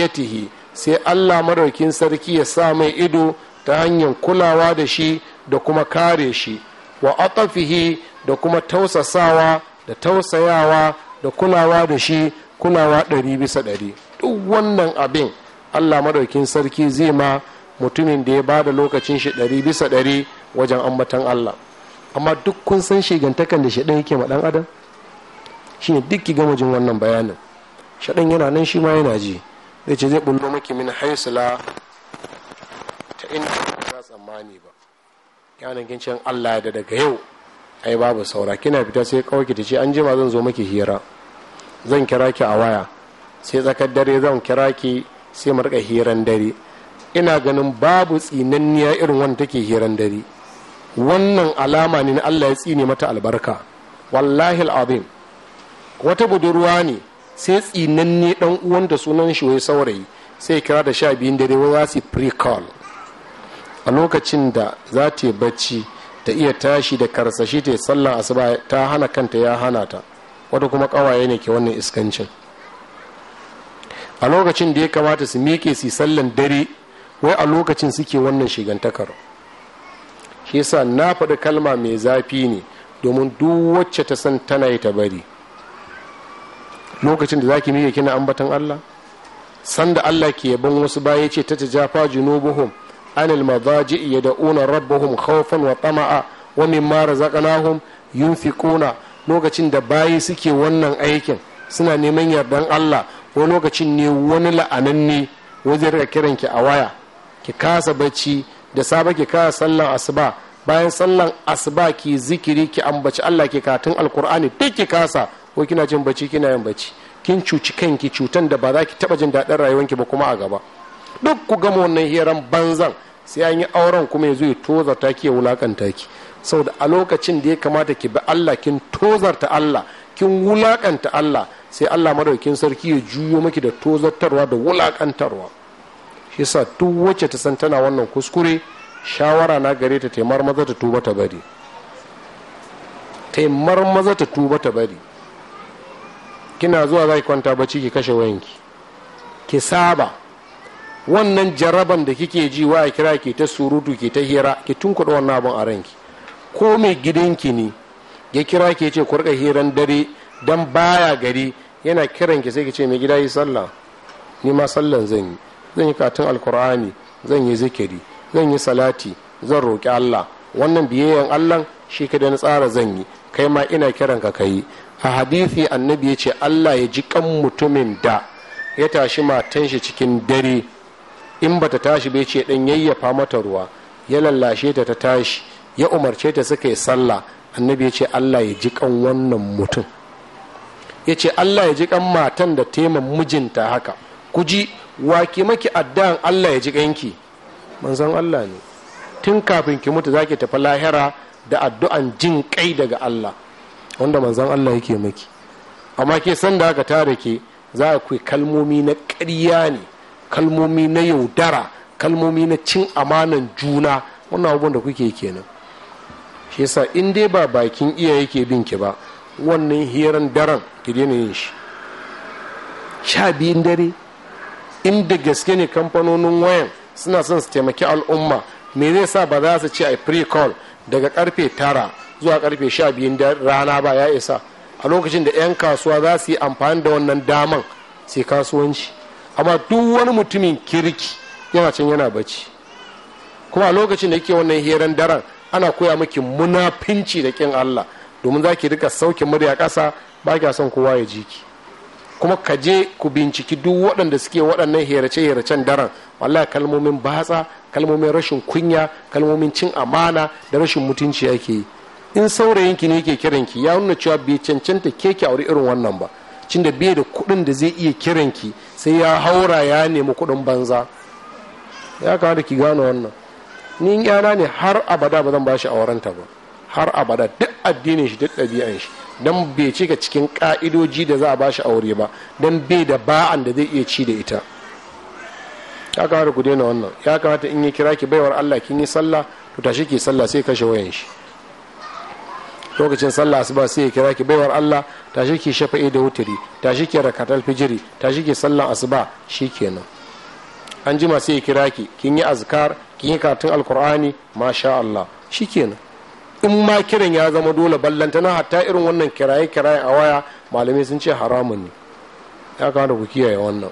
ya tihi, sai allah maraukin sarki ya sa mai ido ta hanyar kulawa da shi da kuma kare shi wa aqafihi da kuma tausasawa da tausayawa da kulawa da shi kulawa ɗari bisa ɗari duk wannan abin allah madaukin sarki zai ma mutumin da ya ba da lokacin shi ɗari bisa ɗari wajen ambatan allah amma duk kun san shigantakan da shaɗan yake ma ɗan adam shine duk ki gama jin wannan bayanin shaɗan yana nan shi ma yana ji zai ce zai bullo maki min haisula ta inda ba tsammani ba yanan gincin Allah da daga yau ai babu saura kina fita sai kawai ki ce an jima zan zo miki hira zan kira ki a waya sai tsakar dare zan kira ki sai mu rika hiran dare ina ganin babu tsinanniya irin wanda take hiran dare wannan alama ne na Allah ya tsine mata albarka wallahi alazim wata budurwa ne sai tsinanni dan uwan da sunan shi wai saurayi sai kira da sha biyun dare wai za su pre call a lokacin da za ta yi bacci ta iya tashi da karsashi ta a asuba ta hana kanta ya hana ta wata kuma kawaye ne ke wannan iskancin a lokacin da ya kamata su miƙe su sallan dare wai a lokacin suke wannan shigantakar shi yasa na faɗi kalma mai zafi ne domin duk wacce ta san tana yi ta bari lokacin da za ki miƙe kina ambatan allah sanda allah ke yabon wasu baya ce ta ta jafa junubuhum anil madaji yad'una rabbahum khawfan wa tama'a wa mimma razaqnahum yunfiquna lokacin da bayi suke wannan aikin suna neman yardan Allah ko lokacin ne wani la'ananne wajen rika kiran ki a waya ki kasa bacci da saba ki kasa sallan asuba bayan sallan asuba ki zikiri ki ambaci Allah ki katun alkur'ani duk ki kasa ko kina jin bacci kina yin bacci kin cuci kanki cutan da ba za ki taba jin daɗin rayuwanki ba kuma a gaba duk ku gama wannan hiran banzan sai an yi auren kuma ya zo ya tozarta ki ya wulakanta ki Sau da a lokacin da ya kamata ki bi Allah kin tozarta Allah kin wulakanta Allah sai Allah madaukin sarki ya juyo miki da tozartarwa da wulakantarwa shi yasa duk wacce ta san tana wannan kuskure shawara na gare ta taimar maza ta tuba ta bari taimar maza ta tuba ta bari kina zuwa za ki kwanta bacci ki kashe wayanki ki saba wannan jaraban da kike ji wa kira ke ta surutu ke ta hira ki kuɗa wannan abin a ranki ko mai gidanki ne ya kira ke ce ku hiran dare dan baya gari yana kiran ki sai ki ce mai gida yi sallah ni ma sallan zan yi zan yi katin alkur'ani zan yi zikiri zan yi salati zan roƙi Allah wannan biyayyan Allah shi ka na tsara zan yi kai ma ina kiran ka kai a hadithi annabi ya ce Allah ya ji kan mutumin da ya tashi matan shi cikin dare in bata tashi bai ce ɗan yayyafa mata ruwa ya lallashe ta ta tashi ya umarce ta suka yi sallah annabi ya ce Allah ya ji kan wannan mutum ya ce Allah ya ji kan matan da taiman mijinta haka ku ji waki maki addan Allah ya ji kanki manzon Allah ne tun kafin ki mutu zaki tafi lahira da addu'an jin kai daga Allah wanda manzon Allah yake maki amma ke san da aka tare ke za ku kalmomi na ƙarya ne kalmomi na yaudara kalmomi na cin amanan juna wannan abubuwan da kuke kenan shi yasa in dai ba bakin iya yake bin ki ba wannan hiran daren ki daina yin shi sha biyun dare inda gaske ne kamfanonin wayan suna son su taimaki al'umma me zai sa ba za su ci a pre-call daga karfe tara zuwa karfe sha biyun rana ba ya isa a lokacin da 'yan kasuwa za su yi amfani da wannan daman sai kasuwanci amma duk wani mutumin kirki yana can yana bacci kuma a lokacin da yake wannan heran daren ana koya miki munafinci da kin Allah domin za ki rika sauke murya ƙasa ba kya son kowa ya ji ki kuma ka je ku binciki duk waɗanda suke waɗannan herace heracen daren wallahi kalmomin batsa kalmomin rashin kunya kalmomin cin amana da rashin mutunci yake yi in saurayinki ne yake kiranki ya nuna cewa bai cancanta keke wuri irin wannan ba cin da bai da kuɗin da zai iya kiranki sai ya haura ya nemi kuɗin banza ya kamata ki gane wannan ni yana ne har abada ba zan bashi aurenta ba har abada duk addinin shi duk ɗabi'an shi dan bai cika cikin ka'idoji da za a bashi aure ba dan bai da ba'an da zai iya ci da ita ya kamata ku daina wannan ya kamata in ya kira ki baiwar Allah kin yi sallah to tashi ki sallah sai kashe wayan shi lokacin sallah asuba sai ya kira ki baiwar Allah ta shi ki shafa'i da wutiri shi ki rakatal fijiri shi ki sallah asuba shikenan an jima sai ya kira ki kin yi azkar kin yi karatun alkur'ani masha Allah shikenan in ma kiran ya zama dole na hatta irin wannan kiraye kiraye a waya malamai sun ce haramun ne ya kamata ku kiyaye wannan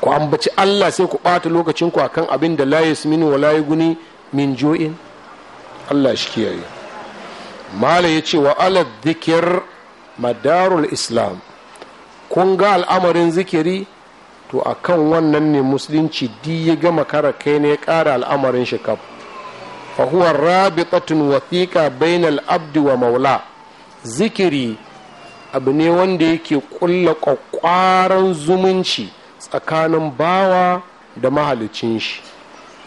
ku ambaci Allah sai ku ɓata lokacin ku akan abin da la yasminu wa la guni min jo'in Allah shi kiyaye mala ya ce wa alad zikir madarul islam kun ga al'amarin zikiri to a kan wannan ne musulunci di ya gama kara kai ne ya kara al'amarin shi kaf fa huwa rabitatun wathiqa bainal abdi wa maula zikiri abu ne wanda yake kulla kwakwaran zumunci tsakanin bawa da mahalicin shi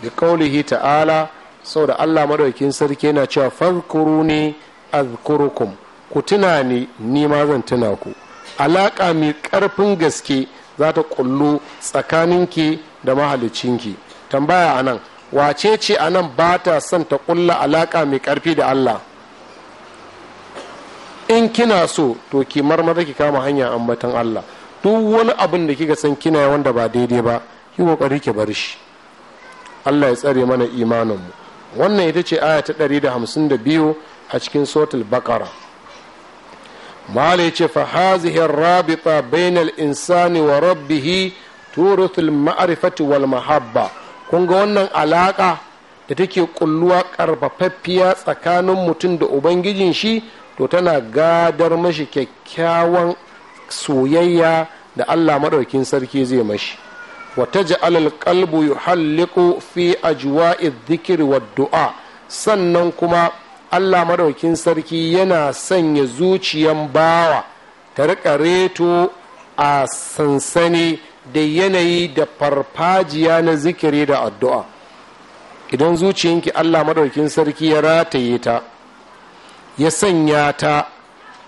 da kaulihi ta'ala sau da allah madaukin sarki yana cewa farkuru ne azkurukum ku tuna ni ni ma zan tuna ku alaƙa mai ƙarfin gaske za ta kullu tsakaninki da ki tambaya anan wace ce anan ba ta son ta kulla alaƙa mai ƙarfi da allah in kina so to ki marmara ki kama hanya ambatan allah duk wani abin da kika san kina wanda ba daidai ba ki kokari ki bar shi allah ya tsare mana imanin mu wannan ita ce aya ta 152 a cikin sotul bakara mala ce fa rabita bainal insani wa rabbihi turutul ma'arifati wal mahabba kun ga wannan alaka da take kulluwa karfafaffiya tsakanin mutum da ubangijin shi to tana gadar mashi kyakkyawan soyayya da allah maɗaukin sarki zai mashi wata ja'alal kalbu yuhalliku fi ajuwa'i zikiri wa du'a sannan kuma allah maraukin sarki yana sanya zuciyan bawa ta riƙa reto a sansani da yanayi da farfajiya na zikiri da addu'a idan zuciyanki allah maraukin sarki ya rataye ta ya sanya ta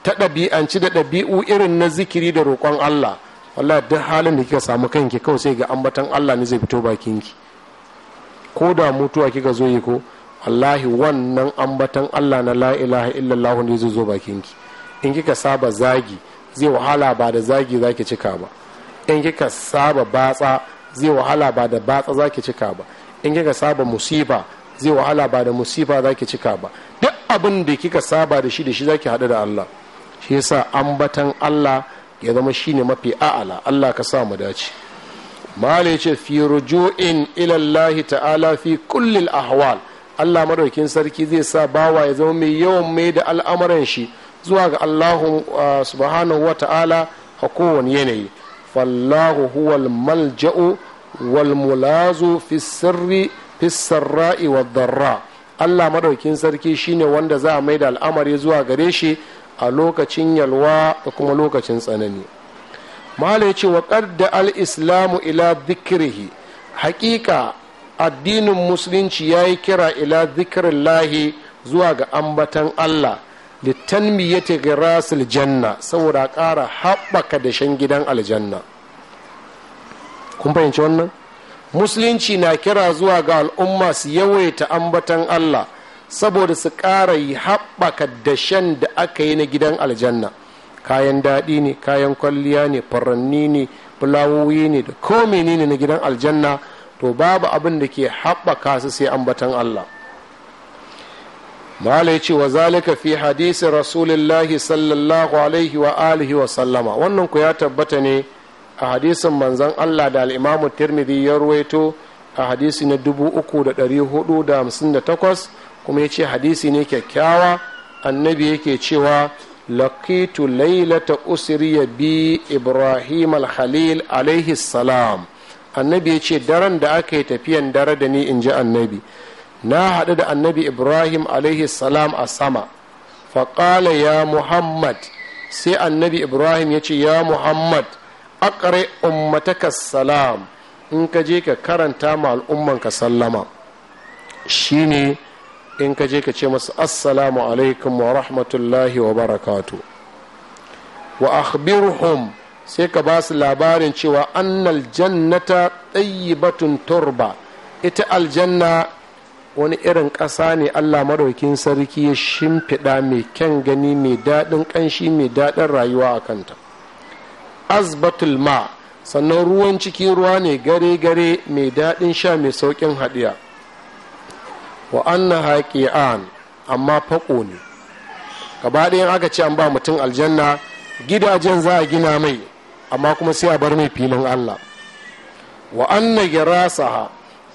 ta ɗabi'anci da ɗabi'u irin na zikiri da roƙon allah wallah duk halin da kika samu kanki kawai sai ga ambatan allah ne zai fito bakinki ko da mutuwa kika zo yi ko wallahi wannan ambatan Allah na la ilaha illallah ne zai zo bakin ki in kika saba zagi zai wahala ba da zagi zaki cika ba in kika saba batsa zai wahala ba da batsa zaki cika ba in kika saba musifa zai wahala ba da musifa zaki cika ba duk abin da kika saba da shi da shi zaki hada da Allah shi yasa ambatan Allah ya zama shine mafi a'ala Allah ka sa mu dace mala yace fi ruju'in ilallahi ta'ala fi kullil ahwal allah madaukin sarki zai sa bawa ya zama mai yawan mai da al'amuran shi zuwa ga allahu uh, subhanahu wa ta'ala a kowane yanayi fallahu huwal malja'u wal mulazu fi sirri wa darra allah madaukin sarki shine wanda za a mai da al'amari zuwa gare shi a lokacin yalwa da kuma lokacin tsanani malai ce wa da al-islamu ila dhikrihi haƙiƙa addinin musulunci ya yi kira ila zikirin lahi zuwa ga ambatan allah ta girasil janna saboda ƙara haɓaka dashen gidan aljanna kun fahimci wannan musulunci na kira zuwa ga al'umma su yawaita ambatan allah saboda su ƙara yi haɓaka dashen da aka yi na gidan aljanna kayan daɗi ne kayan kwalliya ne faranni ne fulawoyi ne da ne na gidan aljanna to babu abin da ke haɓaka su sai ambatan Allah malai ce wa zalika fi hadisi rasulillahi sallallahu alaihi wa alihi wa sallama wannan ku ya tabbata ne a hadisin manzan Allah da al'imamu tirmidhi ya ruwaito a hadisi na 3458 kuma ya ce hadisi ne kyakkyawa annabi yake cewa lakitu lailata ya bi ibrahim al-khalil alaihi salam annabi ya ce daren da aka yi tafiyan dare da ni in ji annabi na haɗu da annabi ibrahim alaihi salam a sama faƙala ya muhammad sai annabi ibrahim ya ce ya muhammad akare ummataka salam in ka je ka karanta ma ka sallama shine in ka je ka ce masu assalamu alaikum wa rahmatullahi wa barakatu wa akhbirhum sai ka ba su labarin cewa annal jannata batun turba ita aljanna wani irin ƙasa ne allah maɗaukin sarki ya shimfiɗa mai kyan gani mai daɗin ƙanshi mai daɗin rayuwa a kanta azbatul ma sannan ruwan ciki ruwa ne gare-gare mai daɗin sha mai sauƙin haɗiya wa anna haƙi'an amma faƙo ne gaba ɗayan aka ce an ba mutum aljanna gidajen za a gina mai amma kuma sai a bar mai filin allah wa anna girasaha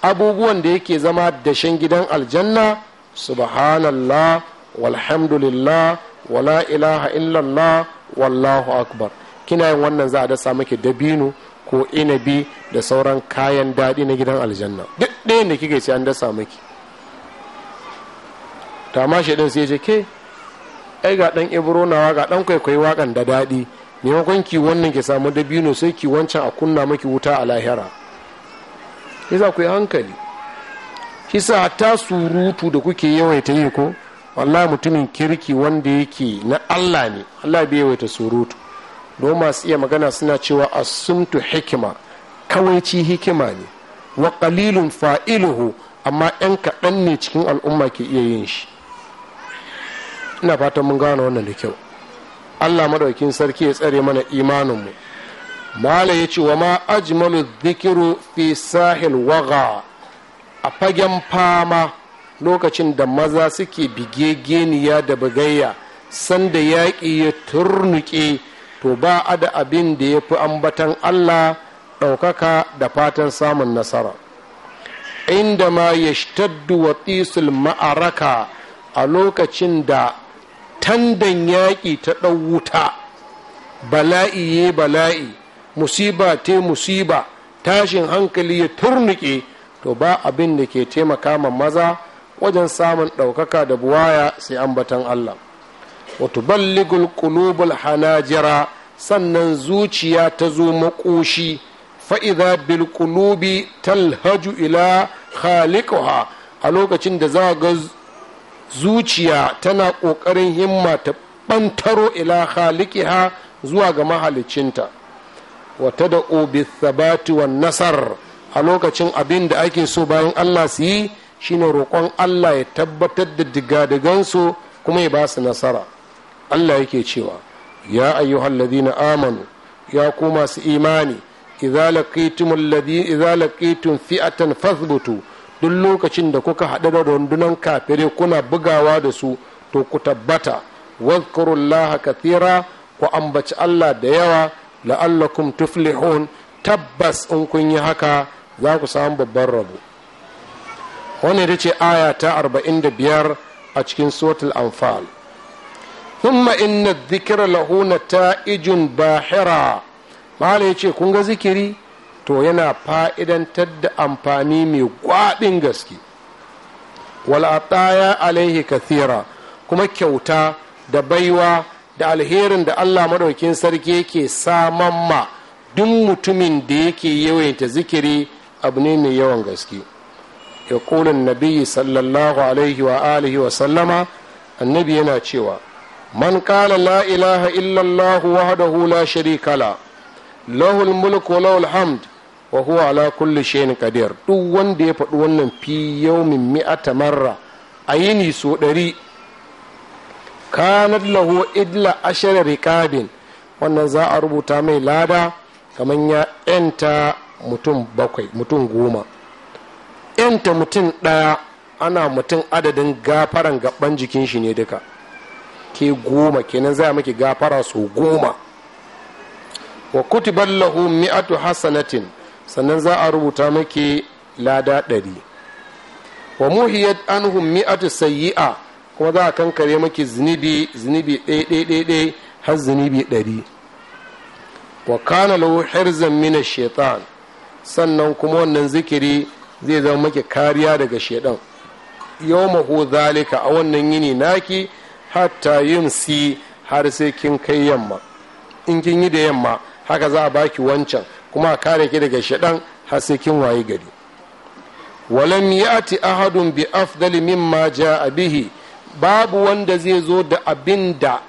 abubuwan da yake zama dashen gidan aljanna subhanallah walhamdulillah wala ilaha illallah wallahu akbar kina yin wannan za a dasa maki dabino ko inabi da sauran kayan daɗi na gidan aljanna duk ɗayan da kika ce an dasa maki tama shi ɗin sai ce ke ai ga ɗan ibro nawa ga ɗan kwaikwayi waƙan da daɗi neman ki wannan ke samu dabino sai ki wancan a kunna maki wuta a lahira yasa ku yi hankali kisa ta surutu da kuke yawaita yi ko wallahi mutumin kirki wanda yake na Allah ne Allah bai yawaita surutu don masu iya magana suna cewa asumtu hikima kawai ci hikima ne wa kalilun fa'iluhu amma yan kaɗan ne cikin al'umma ke iya yin shi ina fatan mun gane wannan da kyau allah madaukin sarki ya tsare mana imaninmu mala ya ce wa ma ajmalu zikiru fi sahil waga a fagen fama lokacin da maza suke bige-geniya da bugayya sanda yaƙi ya turnuƙe to ba a da abin da ya fi ambatan allah ɗaukaka da fatan samun nasara inda ma ya shtaddu wa ma'araka a lokacin da tandan yaƙi ta ɗau wuta bala'i ya bala'i musiba te musiba tashin hankali ya turnuke to ba abin da ke taimaka ma maza wajen samun ɗaukaka da buwaya sai ambatan Allah wato balligul qulubul hanajira sannan zuciya ta zo makoshi fa'iza bilkulubi talhaju ila khaliquha a lokacin da za ga zuciya tana ƙoƙarin himma ta ɓantaro ila halikiha zuwa ga mahalicinta wata da obi sabati wa nasar a lokacin abin da ake so bayan allah su yi shine roƙon allah ya tabbatar da digadigansu kuma ya ba su nasara allah yake cewa ya ayyuhal ladina amanu ya ku masu imani idza laqitum fi'atan fathbutu duk lokacin da kuka haɗu da rundunan kafirai kuna bugawa da su to ku tabbata wadkurullaha kathira ku ambaci Allah da yawa la'allakum tuflihun tabbas in kun yi haka za ku samu babban rabo Wani da ce aya ta 45 a cikin suratul anfal inna إن lahuna ta تائج bahira ما ce kun ga zikiri. to yana fa'idantar da amfani mai gwaɗin gaske wal'ataya alaihi kathira kuma kyauta da baiwa da alherin da allah maɗaukin sarki yake saman ma duk mutumin da yake yawaita zikiri abu ne mai yawan gaske ya kolin nabi sallallahu alaihi wa alihi wa sallama annabi yana cewa man kala la ilaha illallah wahdahu la sharika la lahul mulku wa lahul hamd wa huwa ala kulli shay'in qadir duk wanda ya faɗi wannan fi yawmin mi'ata marra a yini so ɗari kanat lahu idla ashara rikabin wannan za a rubuta mai lada kamar ya yanta mutum bakwai mutum goma yanta mutum ɗaya ana mutum adadin gafaran gaban jikin shi ne duka ke goma kenan za a maki gafara so goma wa kutubar lahu mi'atu hasanatin sannan za a rubuta maki lada ɗari wa muhiyat anhum mi'atu sayyi'a kuma za a kankare maki zunubi zunubi ɗaya har zunubi ɗari wa kana lahu hirzan min shaitan sannan kuma wannan zikiri zai zama maki kariya daga shaitan Yau hu zalika a wannan yini naki hatta yumsi har sai kin kai yamma in kin yi da yamma haka za a baki wancan kuma kare ki daga shaɗan har sai kin waye gari walam ya'ti ahadun bi afdali mimma ja'a bihi babu wanda zai zo da abin da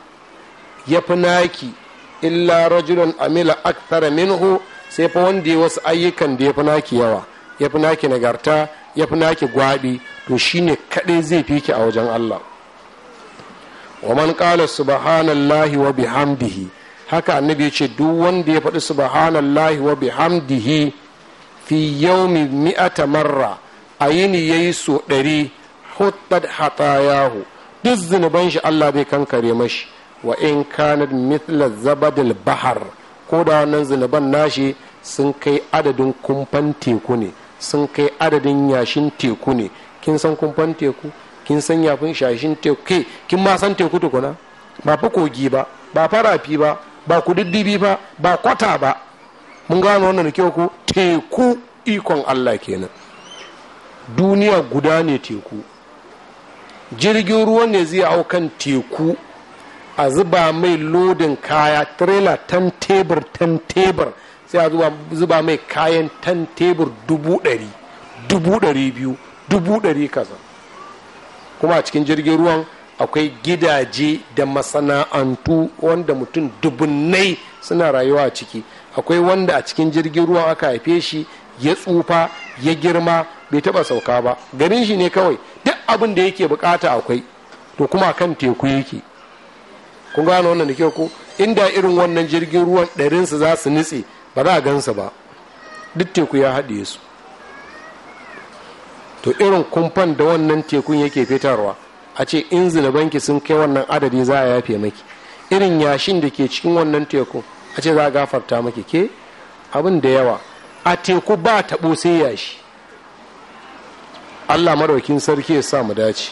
ya fi naki illa rajulun amila akthara minhu sai fa wanda ya wasu ayyukan da ya fi naki yawa ya fi naki nagarta ya fi naki gwabi to shine kaɗai zai fi ki a wajen Allah wa man qala subhanallahi wa bihamdihi haka annabi ya ce duk wanda ya faɗi subhanallahi wa bihamdihi fi yaumi mi'ata marra a ya yayi so ɗari huttat hatayahu duk zunuban shi Allah bai kankare mashi wa in kanat mithla zabadil bahar ko da wannan zunuban nashi sun kai adadin kumfan teku ne sun kai adadin yashin teku ne kin san kumfan teku kin san yafin shashin teku ke kin ma san teku tukuna ba fa kogi ba ba farafi ba ba ku diddibi ba ba kwata ba mun gano wannan da kyau ku teku ikon allah kenan duniya guda ne teku jirgin ruwa ne zai hau kan teku a zuba mai lodin kaya tirela tan tebur tan tebur sai a zuba mai kayan tan tebur dubu dari dubu dari biyu dubu dari kaza kuma a cikin jirgin ruwan akwai gidaje da masana'antu wanda mutum dubunnai suna rayuwa a ciki akwai wanda a cikin jirgin ruwa aka haife shi ya tsufa ya girma bai taba sauka ba garin shi ne kawai duk abin da yake bukata akwai to kuma kan teku yake kun gano wannan da ko inda irin wannan jirgin ruwan ɗarinsa za su nitse ba za a gansa ba duk teku ya haɗe su to irin kumfan da wannan tekun yake fitarwa a ce in banki sun kai wannan adadi za a yafe maki irin yashin da ke cikin wannan teku a ce za a gafarta maki ke abin da yawa a teku ba taɓo sai yashi allah maraukin sarki ya sa mu dace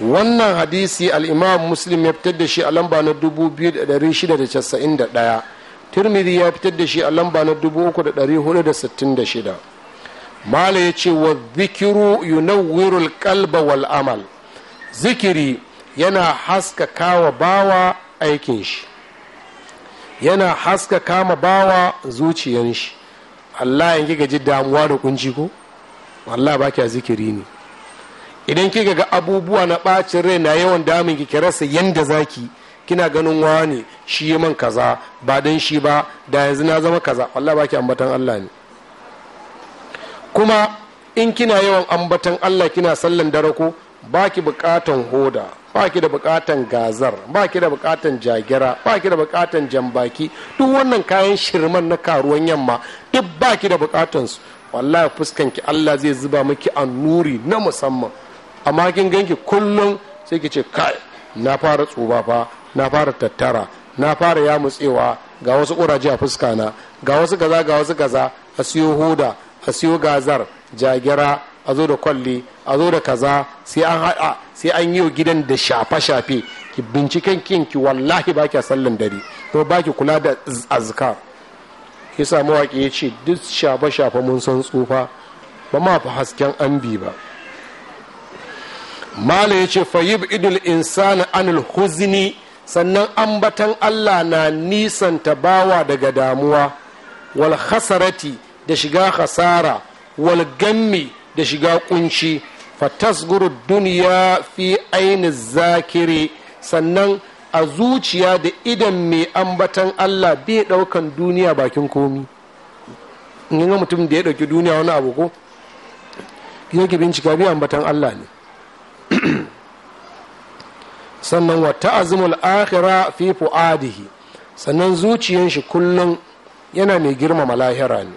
wannan hadisi al'imam muslim ya fitar da shi a lamba na 2691 turmiri ya fitar da shi a lamba na 3466 mala ya ce wa zikiru yunawwirul kalba wal amal zikiri yana haska bawa aikin shi yana haskaka ma bawa zuciyan shi Allah kika ji damuwa da kunci ko Allah baki a zikiri ne idan kika ga abubuwa na bacin rai na yawan damun ki rasa yanda zaki kina ganin wani shi yi man kaza ba dan shi ba da yanzu na zama kaza Allah baki ambatan Allah ne kuma in kina yawan ambatan Allah kina sallan dare ko Baki bukatan hoda baki da bukatan gazar baki da bukatan jagira baki da bukatan jambaki duk wannan kayan shirman na karuwan yamma duk baki da bukatan su wallahi fuskanki Allah zai zuba miki annuri na musamman amma kin ganki kullum sai ki ce kai na fara tsoba fa na fara tattara na fara yamutsewa ga wasu kuraje a fuska na ga wasu gaza ga wasu gaza a siyo hoda a siyo gazar jagira a zo da kwalli a zo da kaza sai an haɗa sai an yi gidan da shafe-shafe ki binciken kinki wallahi ba kya sallan dare ko ba ki kula da azka samu mawaƙi ya ce duk shafe-shafe mun san tsufa ba ma fa hasken an bi ba mala ya ce fayib idul insani anil huzni sannan ambatan allah na nisanta bawa daga damuwa wal hasarati da shiga hasara wal gammi da shiga kunci fatasguru duniya fi aini zakiri sannan a zuciya da idan mai ambatan Allah bai daukan duniya bakin komi in ga mutum da ya dauki duniya wani abu ko yake bincika bai ambatan Allah ne sannan wa ta'azimul akhira fi fu'adihi sannan zuciyan shi kullum yana mai girmama lahira ne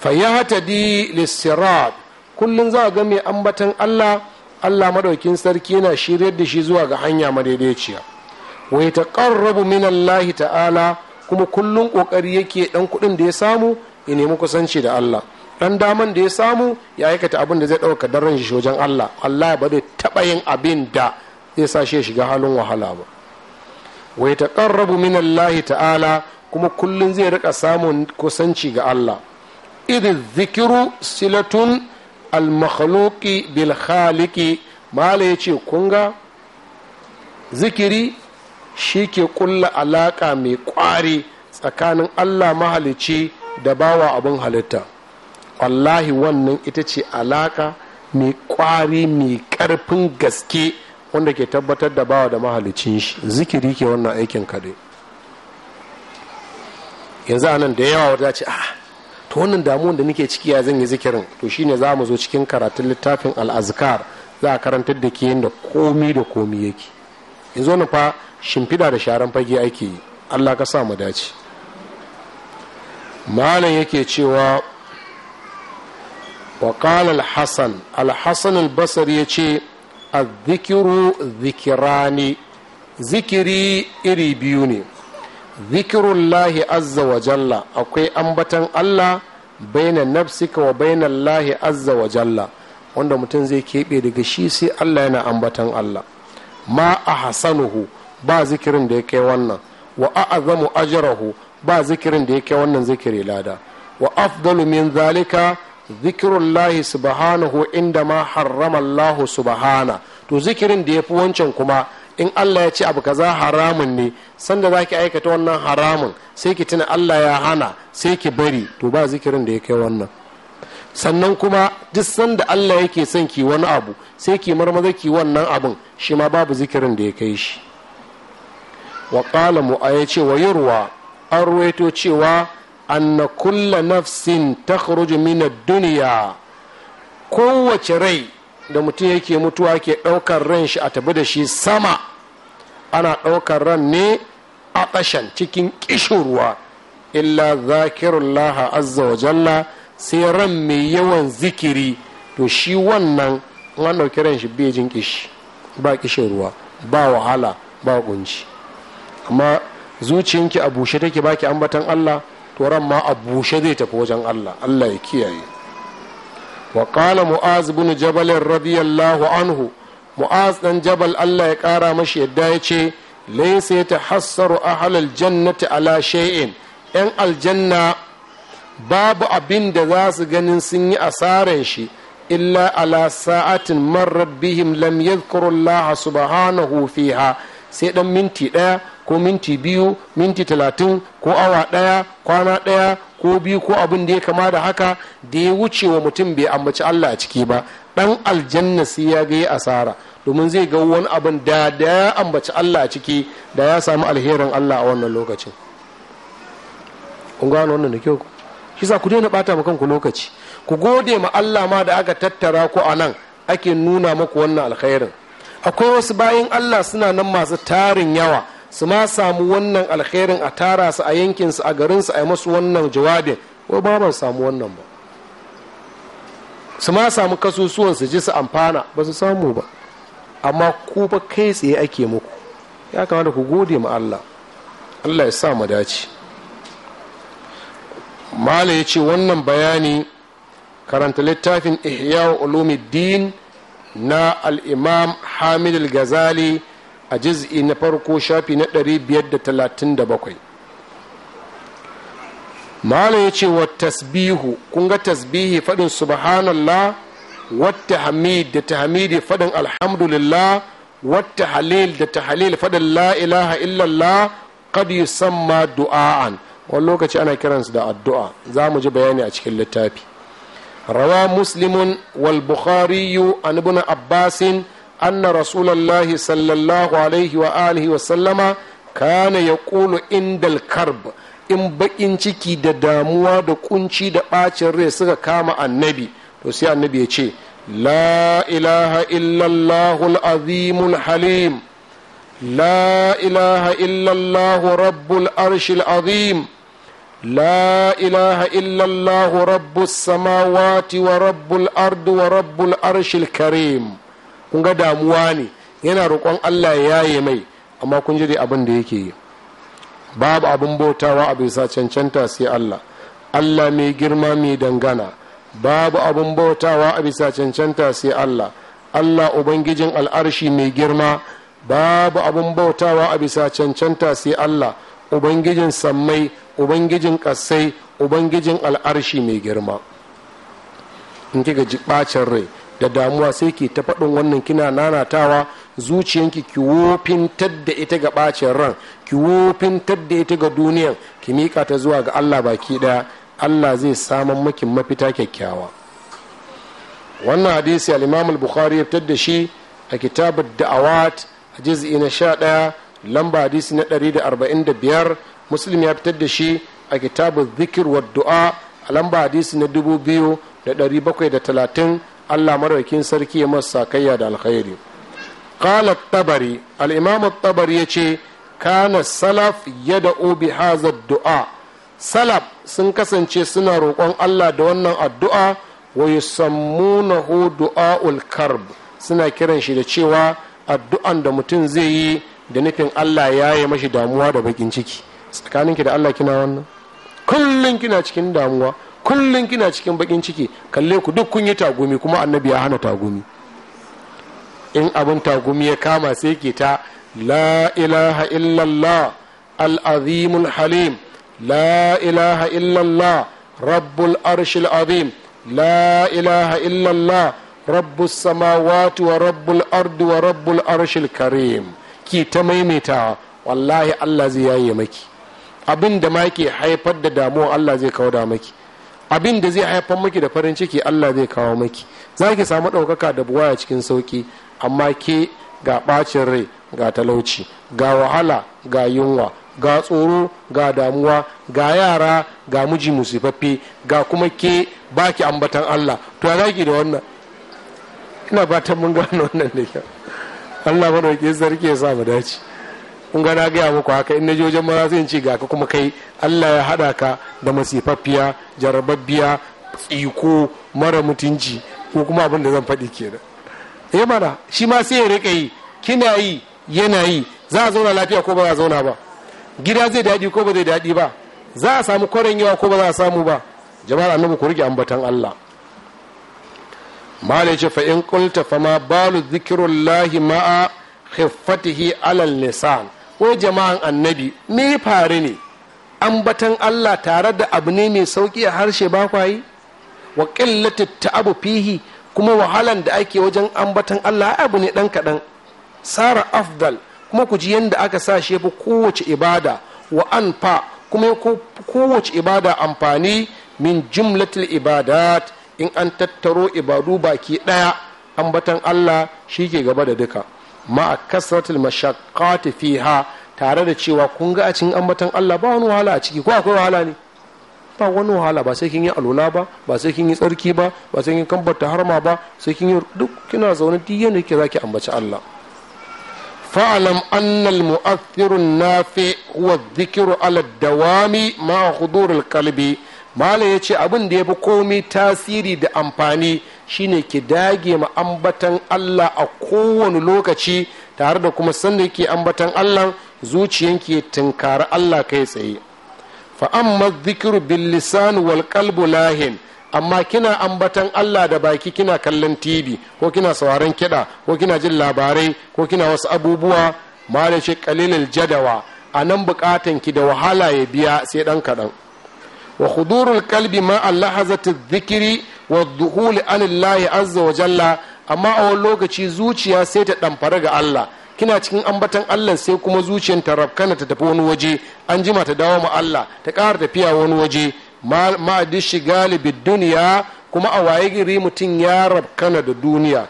fayyatadi lissirat kullum za a ga mai ambatan Allah Allah madaukin sarki yana shiryar da shi zuwa ga hanya madaidaiciya Wai ta rabu min Allah ta'ala kuma kullum kokari yake ɗan kuɗin da ya samu ya nemi kusanci da Allah ɗan daman da ya samu ya aikata abin da zai dauka daren shi wajen Allah Allah ba zai taba yin abin da zai sa shi shiga halin wahala ba Wai ta rabu min Allah ta'ala kuma kullum zai rika samun kusanci ga Allah idh zikiru silatun al-makhluqi bil khaliqi mala yace kun ga zikiri shi ke kulla alaka mai kwari tsakanin Allah mahalici da bawa abun halitta wallahi wannan ita ce alaka mai kwari mai karfin gaske wanda ke tabbatar da bawa da mahalicin shi zikiri ke wannan aikin kadai yanzu nan da yawa wata ce ah to wannan damuwan da nake ciki ya zan yi zikirin to shine za mu zo cikin karatun littafin al'azkar za a karantar da ke yadda komi da komi yake yanzu wani fa shimfida da sharan fage ake yi allah ka sa mu dace malam yake cewa وقال الحسن الحسن البصري يجي الذكر ذكراني ذكري إري بيوني zikirullahi azza wa jalla akwai ambatan Allah baina nafsika wa Bainan lahi azza wa jalla wanda mutum zai keɓe daga shi sai Allah yana ambatan Allah ma a hasanuhu ba zikirin da ya kai wannan wa a'azamu ajrahu ba zikirin da ya kai wannan zikiri lada wa afdalu min zalika zikirullahi subhanahu inda ma harrama Allah subhana to zikirin da ya fi wancan kuma in Allah ya ce abu kaza haramun ne sanda za ki aikata wannan haramun sai ki tuna Allah ya hana sai ki bari to ba zikirin da ya kai wannan sannan kuma duk sanda Allah yake son ki wani abu sai ki marmaza ki wannan abun shi ma babu zikirin da ya kai shi wa qala ya ce wa yurwa an ruwaito cewa anna kulla nafsin takhruju min ad-dunya kowace rai da mutum yake mutuwa ke ɗaukar ran shi a tabi da shi sama ana ɗaukar ran ne a ƙashen cikin ƙishirwa illa zakirullah azza wa jalla sai ran mai yawan zikiri to shi wannan an ɗauki ran shi bai jin ƙishi ba ƙishirwa ba wahala ba ƙunci amma zuciyanki a bushe take baki ambatan allah to ran ma a bushe zai tafi wajen allah allah ya kiyaye wa qala mu'az bin jabal radiyallahu anhu mu'az dan jabal Allah ya ƙara mashi yadda ya ce laysa yatahassaru ahlul jannati ala shay'in yan aljanna babu abin da za su gani sun yi asaran shi illa ala sa'atin marrat bihim lam yadhkuru Allah subhanahu fiha sai ɗan minti ɗaya. ko minti biyu minti talatin ko awa ɗaya kwana ɗaya ko biyu ko abin da ya kama da haka da ya wuce wa mutum bai ambaci allah a ciki ba ɗan aljanna sai ya ga asara domin zai ga wani abin da da ya ambaci allah a ciki da ya samu alherin allah a wannan lokacin kun gano wannan da kyau ku shi ku daina bata ma kanku lokaci ku gode ma allah ma da aka tattara ku a nan ake nuna maku wannan alkhairin akwai wasu bayan allah suna nan masu tarin yawa su ma samu wannan alkhairin a tara su a yankin su a garin su a yi masu wannan jawabin ko ba ban samu wannan ba su ma samu kasusuwan su ji su amfana ba su samu ba amma ku ba kai tsaye ake muku ya kamata ku gode ma Allah Allah ya sa mu dace mala ya ce wannan bayani karanta littafin ihya ulumiddin na imam hamid al-ghazali a jiz'i na farko shafi na ɗari biyar 537 malam ya ce wa tasbihu kun ga tasbihi faɗin subhanallah wata hamid da ta tahmidi faɗin alhamdulillah wata halil da ta halil faɗin la ilaha illallah qad yusamma du'a'an wani lokaci ana kiransu da addu'a za mu ji bayani a cikin littafi rawa muslimun wal bukhariyu an ibn abbasin anna rasulallahi sallallahu alaihi wa alihi wa sallama kana ya ƙulu indal karb in baƙin ciki da damuwa da kunci da ɓacin rai suka kama annabi to sai annabi ya ce la ilaha illallahu azimul halim la ilaha illallahu rabbul arshil azim لا إله إلا الله wa السماوات ورب الأرض ورب العرش الكريم kun ga damuwa ne yana roƙon allah ya yaye mai amma kun ji abin da yake yi babu abin bautawa a bisa cancanta sai allah allah mai girma mai dangana babu abin bautawa a bisa cancanta sai allah allah ubangijin al'arshi mai girma babu abin bautawa a bisa cancanta sai allah ubangijin sammai ubangijin ƙasai ubangijin al'arshi mai girma in kika ji ɓacin rai da damuwa sai ke ta faɗin wannan kina nanatawa zuciyanki ki wofin da ita ga ɓacin ran ki wofin da ita ga duniyan ki miƙa ta zuwa ga allah baki ɗaya allah zai saman maki mafita kyakkyawa wannan hadisi al-imam al-bukhari ya fitar da shi a kitabar da'awat a jizi na sha ɗaya lamba hadisi na ɗari da arba'in da biyar muslim ya fitar da shi a kitabar zikir wa du'a a lamba hadisi na dubu biyu da ɗari bakwai da talatin allah maraukin sarki ya masa sakayya da alkhairi qala tabari al-imam tabari yace kana salaf yad'u bi hadha du'a salaf sun kasance suna roƙon allah da wannan addu'a wa yusammunahu du'aul karb suna kiran shi da cewa addu'an da mutum zai yi da nufin Allah ya yi mashi damuwa da bakin ciki tsakaninki da Allah kina wannan kullum kina cikin damuwa kullum kina cikin bakin ciki kalle ku duk kun yi tagumi kuma annabi ya hana tagumi in abin tagumi ya kama sai ke ta la ilaha illallah al'azimul halim la ilaha illallah rabbul arshil azim la ilaha illallah rabbus samawati wa rabbul ardu wa rabbul arshil karim ki ta maimaita wallahi allah zai yaye maki abin da ma ke haifar da damuwa allah zai kawo da maki abin da zai haifar maki da farin ciki Allah zai kawo maki za ki samu ɗaukaka da buwaya cikin sauƙi, amma ke ga ɓacin rai ga talauci ga wahala ga yunwa ga tsoro ga damuwa ga yara ga miji musifaffe ga kuma ke baki ambatan Allah to ya zaki da wannan ina fatan mun gano wannan da kyau Allah madauki sarki ya sa mu dace in ga na gaya muku haka in naje wajen maza zan ce ga ka kuma kai Allah ya haɗa ka da masifaffiya jarababbiya tsiko mara mutunci ko kuma abin da zan faɗi kenan ya eh mana shi ma sai ya riƙa yi kina yi yana yi za a zauna lafiya ko ba za a zauna ba gida zai daɗi ko ba zai daɗi ba za a samu kwarin yawa ko ba za a samu ba jama'a annabi ku rike ambatan Allah malai ce fa in kulta fa ma balu zikirullahi ma'a khiffatihi alal nisan wai jama'an annabi me faru ne ambatan allah tare da abu ne mai sauki a harshe ba wa wa ta abu fihi kuma wahalan da ake wajen ambatan allah abu ne ɗan kaɗan sara afdal kuma ku ji yadda aka sa shi fi kowace ibada wa an fa kuma ya kowace ibada amfani min jumlatul ibadat in an tattaro ibadu baki ɗaya ambatan allah shi ke gaba da duka ma kasratul mashaqqati fiha tare da cewa kun ga a cikin ambatan Allah ba wani wahala a ciki ko akwai wahala ne ba wani wahala ba sai kin yi alula ba ba sai kin yi tsarki ba ba sai kin kambata harma ba sai kin yi duk kina zaune duk yanda kike zaki ambaci Allah fa'alam annal mu'athirun nafi wa dhikru ala dawami ma hudurul qalbi mala yace abin da yafi komai tasiri da amfani shine ki dage ma ambatan Allah a kowane lokaci tare da kuma sanda ke ambatan Allah zuciyanki tunkari Allah kai tsaye fa amma dhikru bil lisan wal qalbu lahin amma kina ambatan Allah da baki kina kallon TV ko kina sauraron kiɗa ko kina jin labarai ko kina wasu abubuwa ma da jadawa a nan bukatan ki da wahala ya biya sai dan kaɗan wa hudurul kalbi ma Allah dhikri wa duhuli alillahi azza wa jalla amma a wani lokaci zuciya sai ta ɗamfara ga Allah kina cikin ambaton Allah sai kuma zuciyar ta rabkana ta tafi wani waje an jima ta dawo ma Allah ta ƙara tafiya wani waje ma shiga bid duniya kuma a waye giri mutum ya rabkana da duniya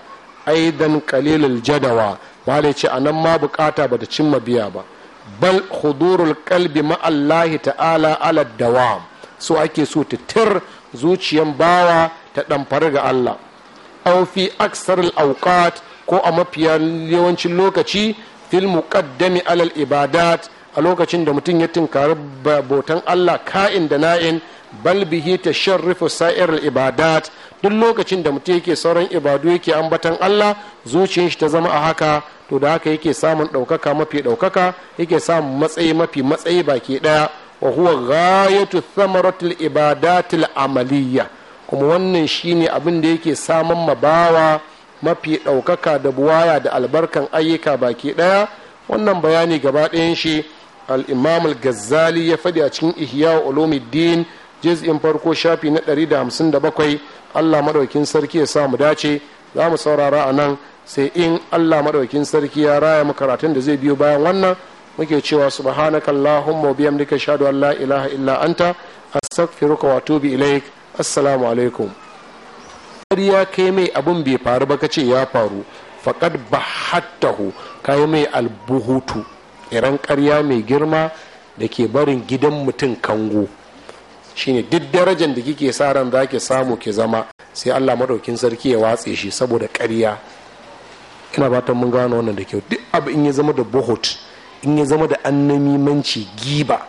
aidan kalilul jadawa malai ce anan ma bukata bata cimma biya ba bal hudurul kalbi ma Allah ta'ala ala dawam so ake so tir zuciyan bawa ta ɗamfari ga Allah aw fi aksar al’aukat ko a mafiya yawancin lokaci fil kaddami alal ibadat a lokacin da mutum ya tunkari bautan Allah ka'in da na'in bal bihi rufe sa'ir ibadat duk lokacin da mutum yake sauran ibadu yake ambatan Allah zuciyar shi ta zama a haka to da haka yake samun ɗaukaka mafi ɗaukaka yake samun matsayi mafi matsayi baki ɗaya wa huwa ghayatu thamaratul ibadatil amaliyya kuma wannan shine abin da yake samun mabawa mafi ɗaukaka da buwaya da albarkan ayyuka baki ɗaya wannan bayani gaba ɗayan shi al-imam gazzali ya faɗi a cikin ihya ulumuddin juz'in farko shafi na 157 Allah maɗaukin sarki ya sa mu dace za mu saurara a nan sai in Allah maɗaukin sarki ya raya mu karatun da zai biyo bayan wannan muke cewa subhanakallahumma wa bihamdika shadu an la ilaha illa anta astaghfiruka wa atubu ilaik assalamu alaikum ya kai mai abin bai faru ba kace ya faru faƙad ba hattahu kai mai albuhutu iran karya mai girma da ke barin gidan mutum kango shine duk darajar da kike sa ran za ki samu ki zama sai allah maɗaukin sarki ya watse shi saboda karya ina fatan mun gano wannan da kyau duk abu in ya zama da buhut in ya zama da annamimanci giba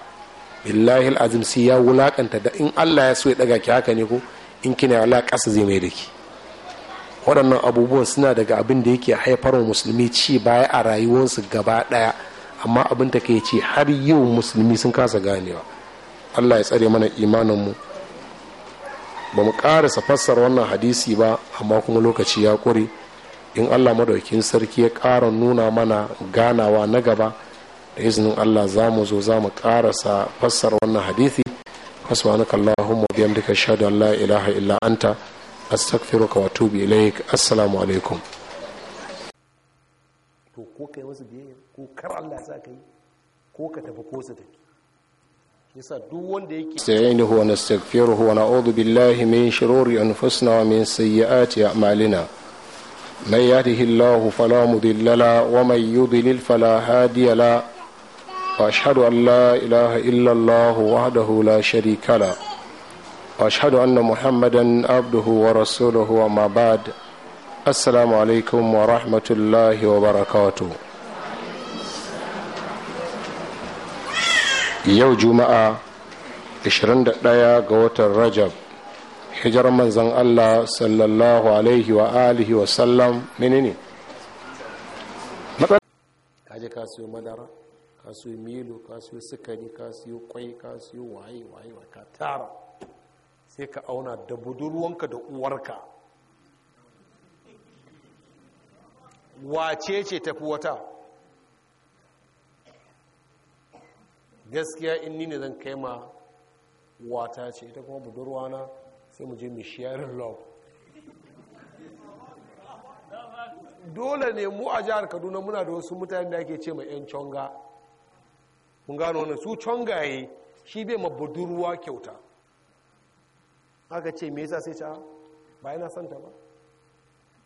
billahi azim sai ya wulakanta da in allah ya so ya daga ki haka ne ko in kina wala ƙasa zai mai da ki waɗannan abubuwan suna daga abin da yake haifar wa musulmi ci baya a rayuwarsu gaba ɗaya amma abin ta kai ce har yau musulmi sun kasa ganewa allah ya tsare mana imaninmu ba mu ƙarasa fassar wannan hadisi ba amma kuma lokaci ya ƙure in allah madaukin sarki ya ƙara nuna mana ganawa na gaba da izinin allah za mu zo za mu karasa fassara wannan hadithi fasbanaka allahumma biyamdika shahadu an la ilaha illa anta astaghfiruka wa atubu ilaik assalamu alaikum to ko kai wasu biyayya ko kar allah ya sa ka ko ka tafi ko su tafi yasa duk wanda yake sayainihu wa nastaghfiruhu wa na'udhu billahi min shururi anfusina wa min sayyiati a'malina من يهده الله فلا مضل له ومن يضلل فلا هادي له واشهد ان لا اله الا الله وحده لا شريك له واشهد ان محمدا عبده ورسوله وما بعد السلام عليكم ورحمه الله وبركاته yau juma'a 21 ga watan rajab hijar manzan allah sallallahu alaihi wa alihi wa sallam menene kaje ka madara ka siyo milo ka siyo sukari ka siyo kwai ka siyo waye waye ka tara sai ka auna da budurwanka da uwarka wace ce tafi wata gaskiya in ni zan kai ma wata ce ita kuma budurwana sai mu je mu sharing love dole ne mu a jihar kaduna muna da wasu mutane da ake ce ma 'yan conga mun gano wani su congaye shi bai ma budurwa kyauta aka ce me yasa sai ah, ta ba yana santa ba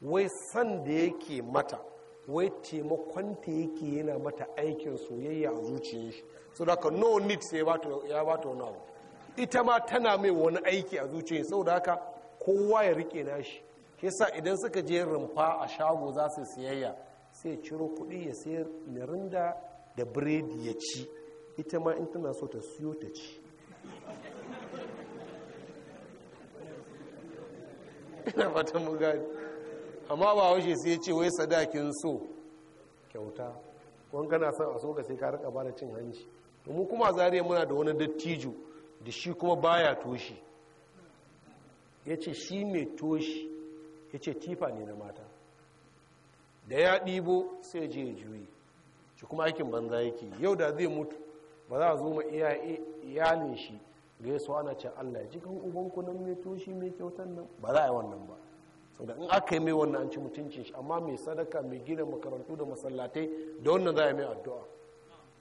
wai san da yake mata wai taimakon ta yake yana mata aikin soyayya a zuciyar shi so da no need sai ya ba ta wani ita ma tana mai wani aiki a zuciyar sau da haka kowa ya rike na shi sa idan suka je rumfa a shago za su siyayya sai ciro kuɗi ya sayar mirinda da biredi ya ci ita ma in tana so ta siyo ta ci ina fatan mu gani amma ba washe sai ya ce wai sadakin so kyauta wani kana son a so ka sai ka rika bada cin hanci mu kuma zariya muna da wani dattijo da shi kuma baya toshi ya ce shi mai toshi ya ce tifa ne na mata da ya ɗibo sai je ya juyi shi kuma aikin banza yake yau da zai mutu ba za a zo ma iyalin shi gaisu na ce allah ya kan ubanku nan mai toshi mai kyautan nan ba za a yi wannan ba sau da in aka yi mai wannan an ci mutuncin shi amma mai sadaka mai gina makarantu da masallatai da wannan za a yi mai addu'a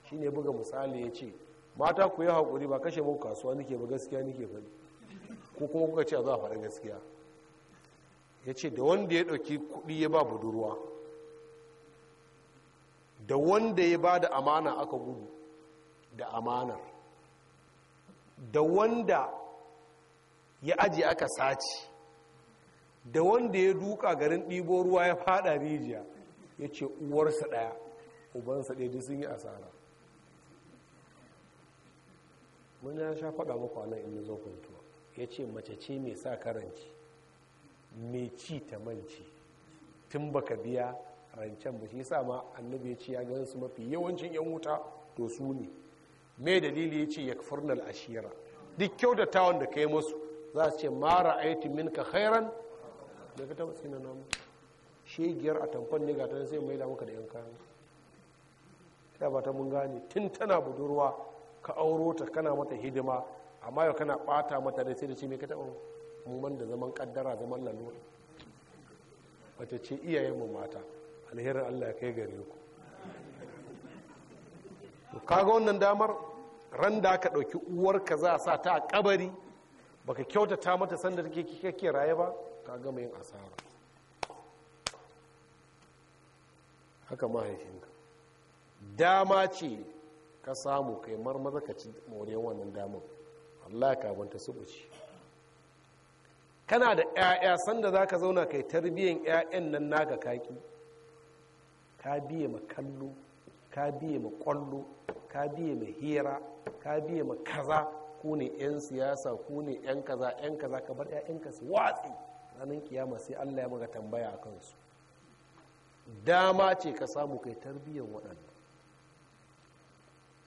shi ne buga misali ya ce mata ku yi haƙuri ba kashe muku kasuwa nike ba gaskiya nike faɗi ko kuma kuka ce a za faɗa gaskiya ya ce da wanda ya ɗauki kuɗi ya ba budurwa da wanda ya ba da amana aka gudu da amanar da wanda ya aji aka sace, da wanda ya duka garin ɗibo ruwa ya fada rijiya ya ce uwarsa ɗaya ubansa ɗaya duk sun yi asara mun ya sha faɗa muku anan in yi zo ya ce mace ce mai sa karanci mai ci ta manci tun baka biya rancen ba shi sa ma annabi ya ce ya gan su mafi yawancin yan wuta to su ne mai dalili ya ce ya furnal ashira duk tawan da ka yi musu za su ce mara aiti min ka khairan da ka taba tsina namu shegiyar a tamfon ne ga ta sai mai da muka da yan kayan ta ba ta mun gane tun tana budurwa ka auro ta kana mata hidima amma yau kana bata mata da sai da ce mai ka taba muman da zaman kaddara zaman lalura wata ce iyayen mu mata alherin allah ya kai gare ku ka kaga wannan damar ran da aka ɗauki uwarka za a sa ta a kabari baka kyautata mata sanda take kike raye ba ka gama yin asara haka mahaifinka dama ce ka samu kai marmaza ka ci moriyar wannan damar Allah ka banta su buci kana da 'ya'ya sanda za ka zauna kai tarbiyyar 'ya'yan nan naga kaki ka biya makallo ka biye ma kwallo ka biye ma hira ka biye ma kaza ku ne 'yan siyasa ku ne 'yan kaza 'yan kaza ka bar 'ya'yanka su watsi ranar kiyama sai allah ya maka tambaya a kansu dama ce ka samu kai tarbiyyar waɗannan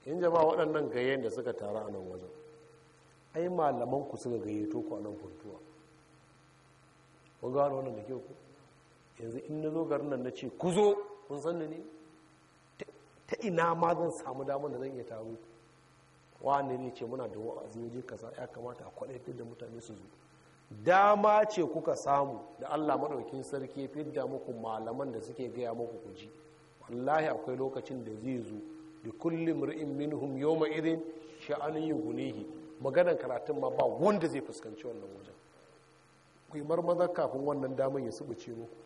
in jama'a waɗannan gayen da suka taru a nan wajen ai malaman ku suka gayyato ku a nan kuntuwa kun gano wannan da kyau ku yanzu in na zo garin nan na ce ku zo kun san ne ta ina ma zan samu damar da zan iya taru wani ne ce muna da wa'azi waje kaza ya kamata a kwadaitar da mutane su zo dama ce kuka samu da Allah maɗaukin sarki fidda muku malaman da suke gaya muku kuji wallahi akwai lokacin da zai zo da kulli mur'in minhum yawma irin sha'anin gunihi maganar karatun ma ba wanda zai fuskanci wannan wajen kuyi maza marmaza kafin wannan damar ya subuce muku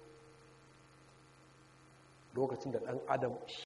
lokacin da dan adam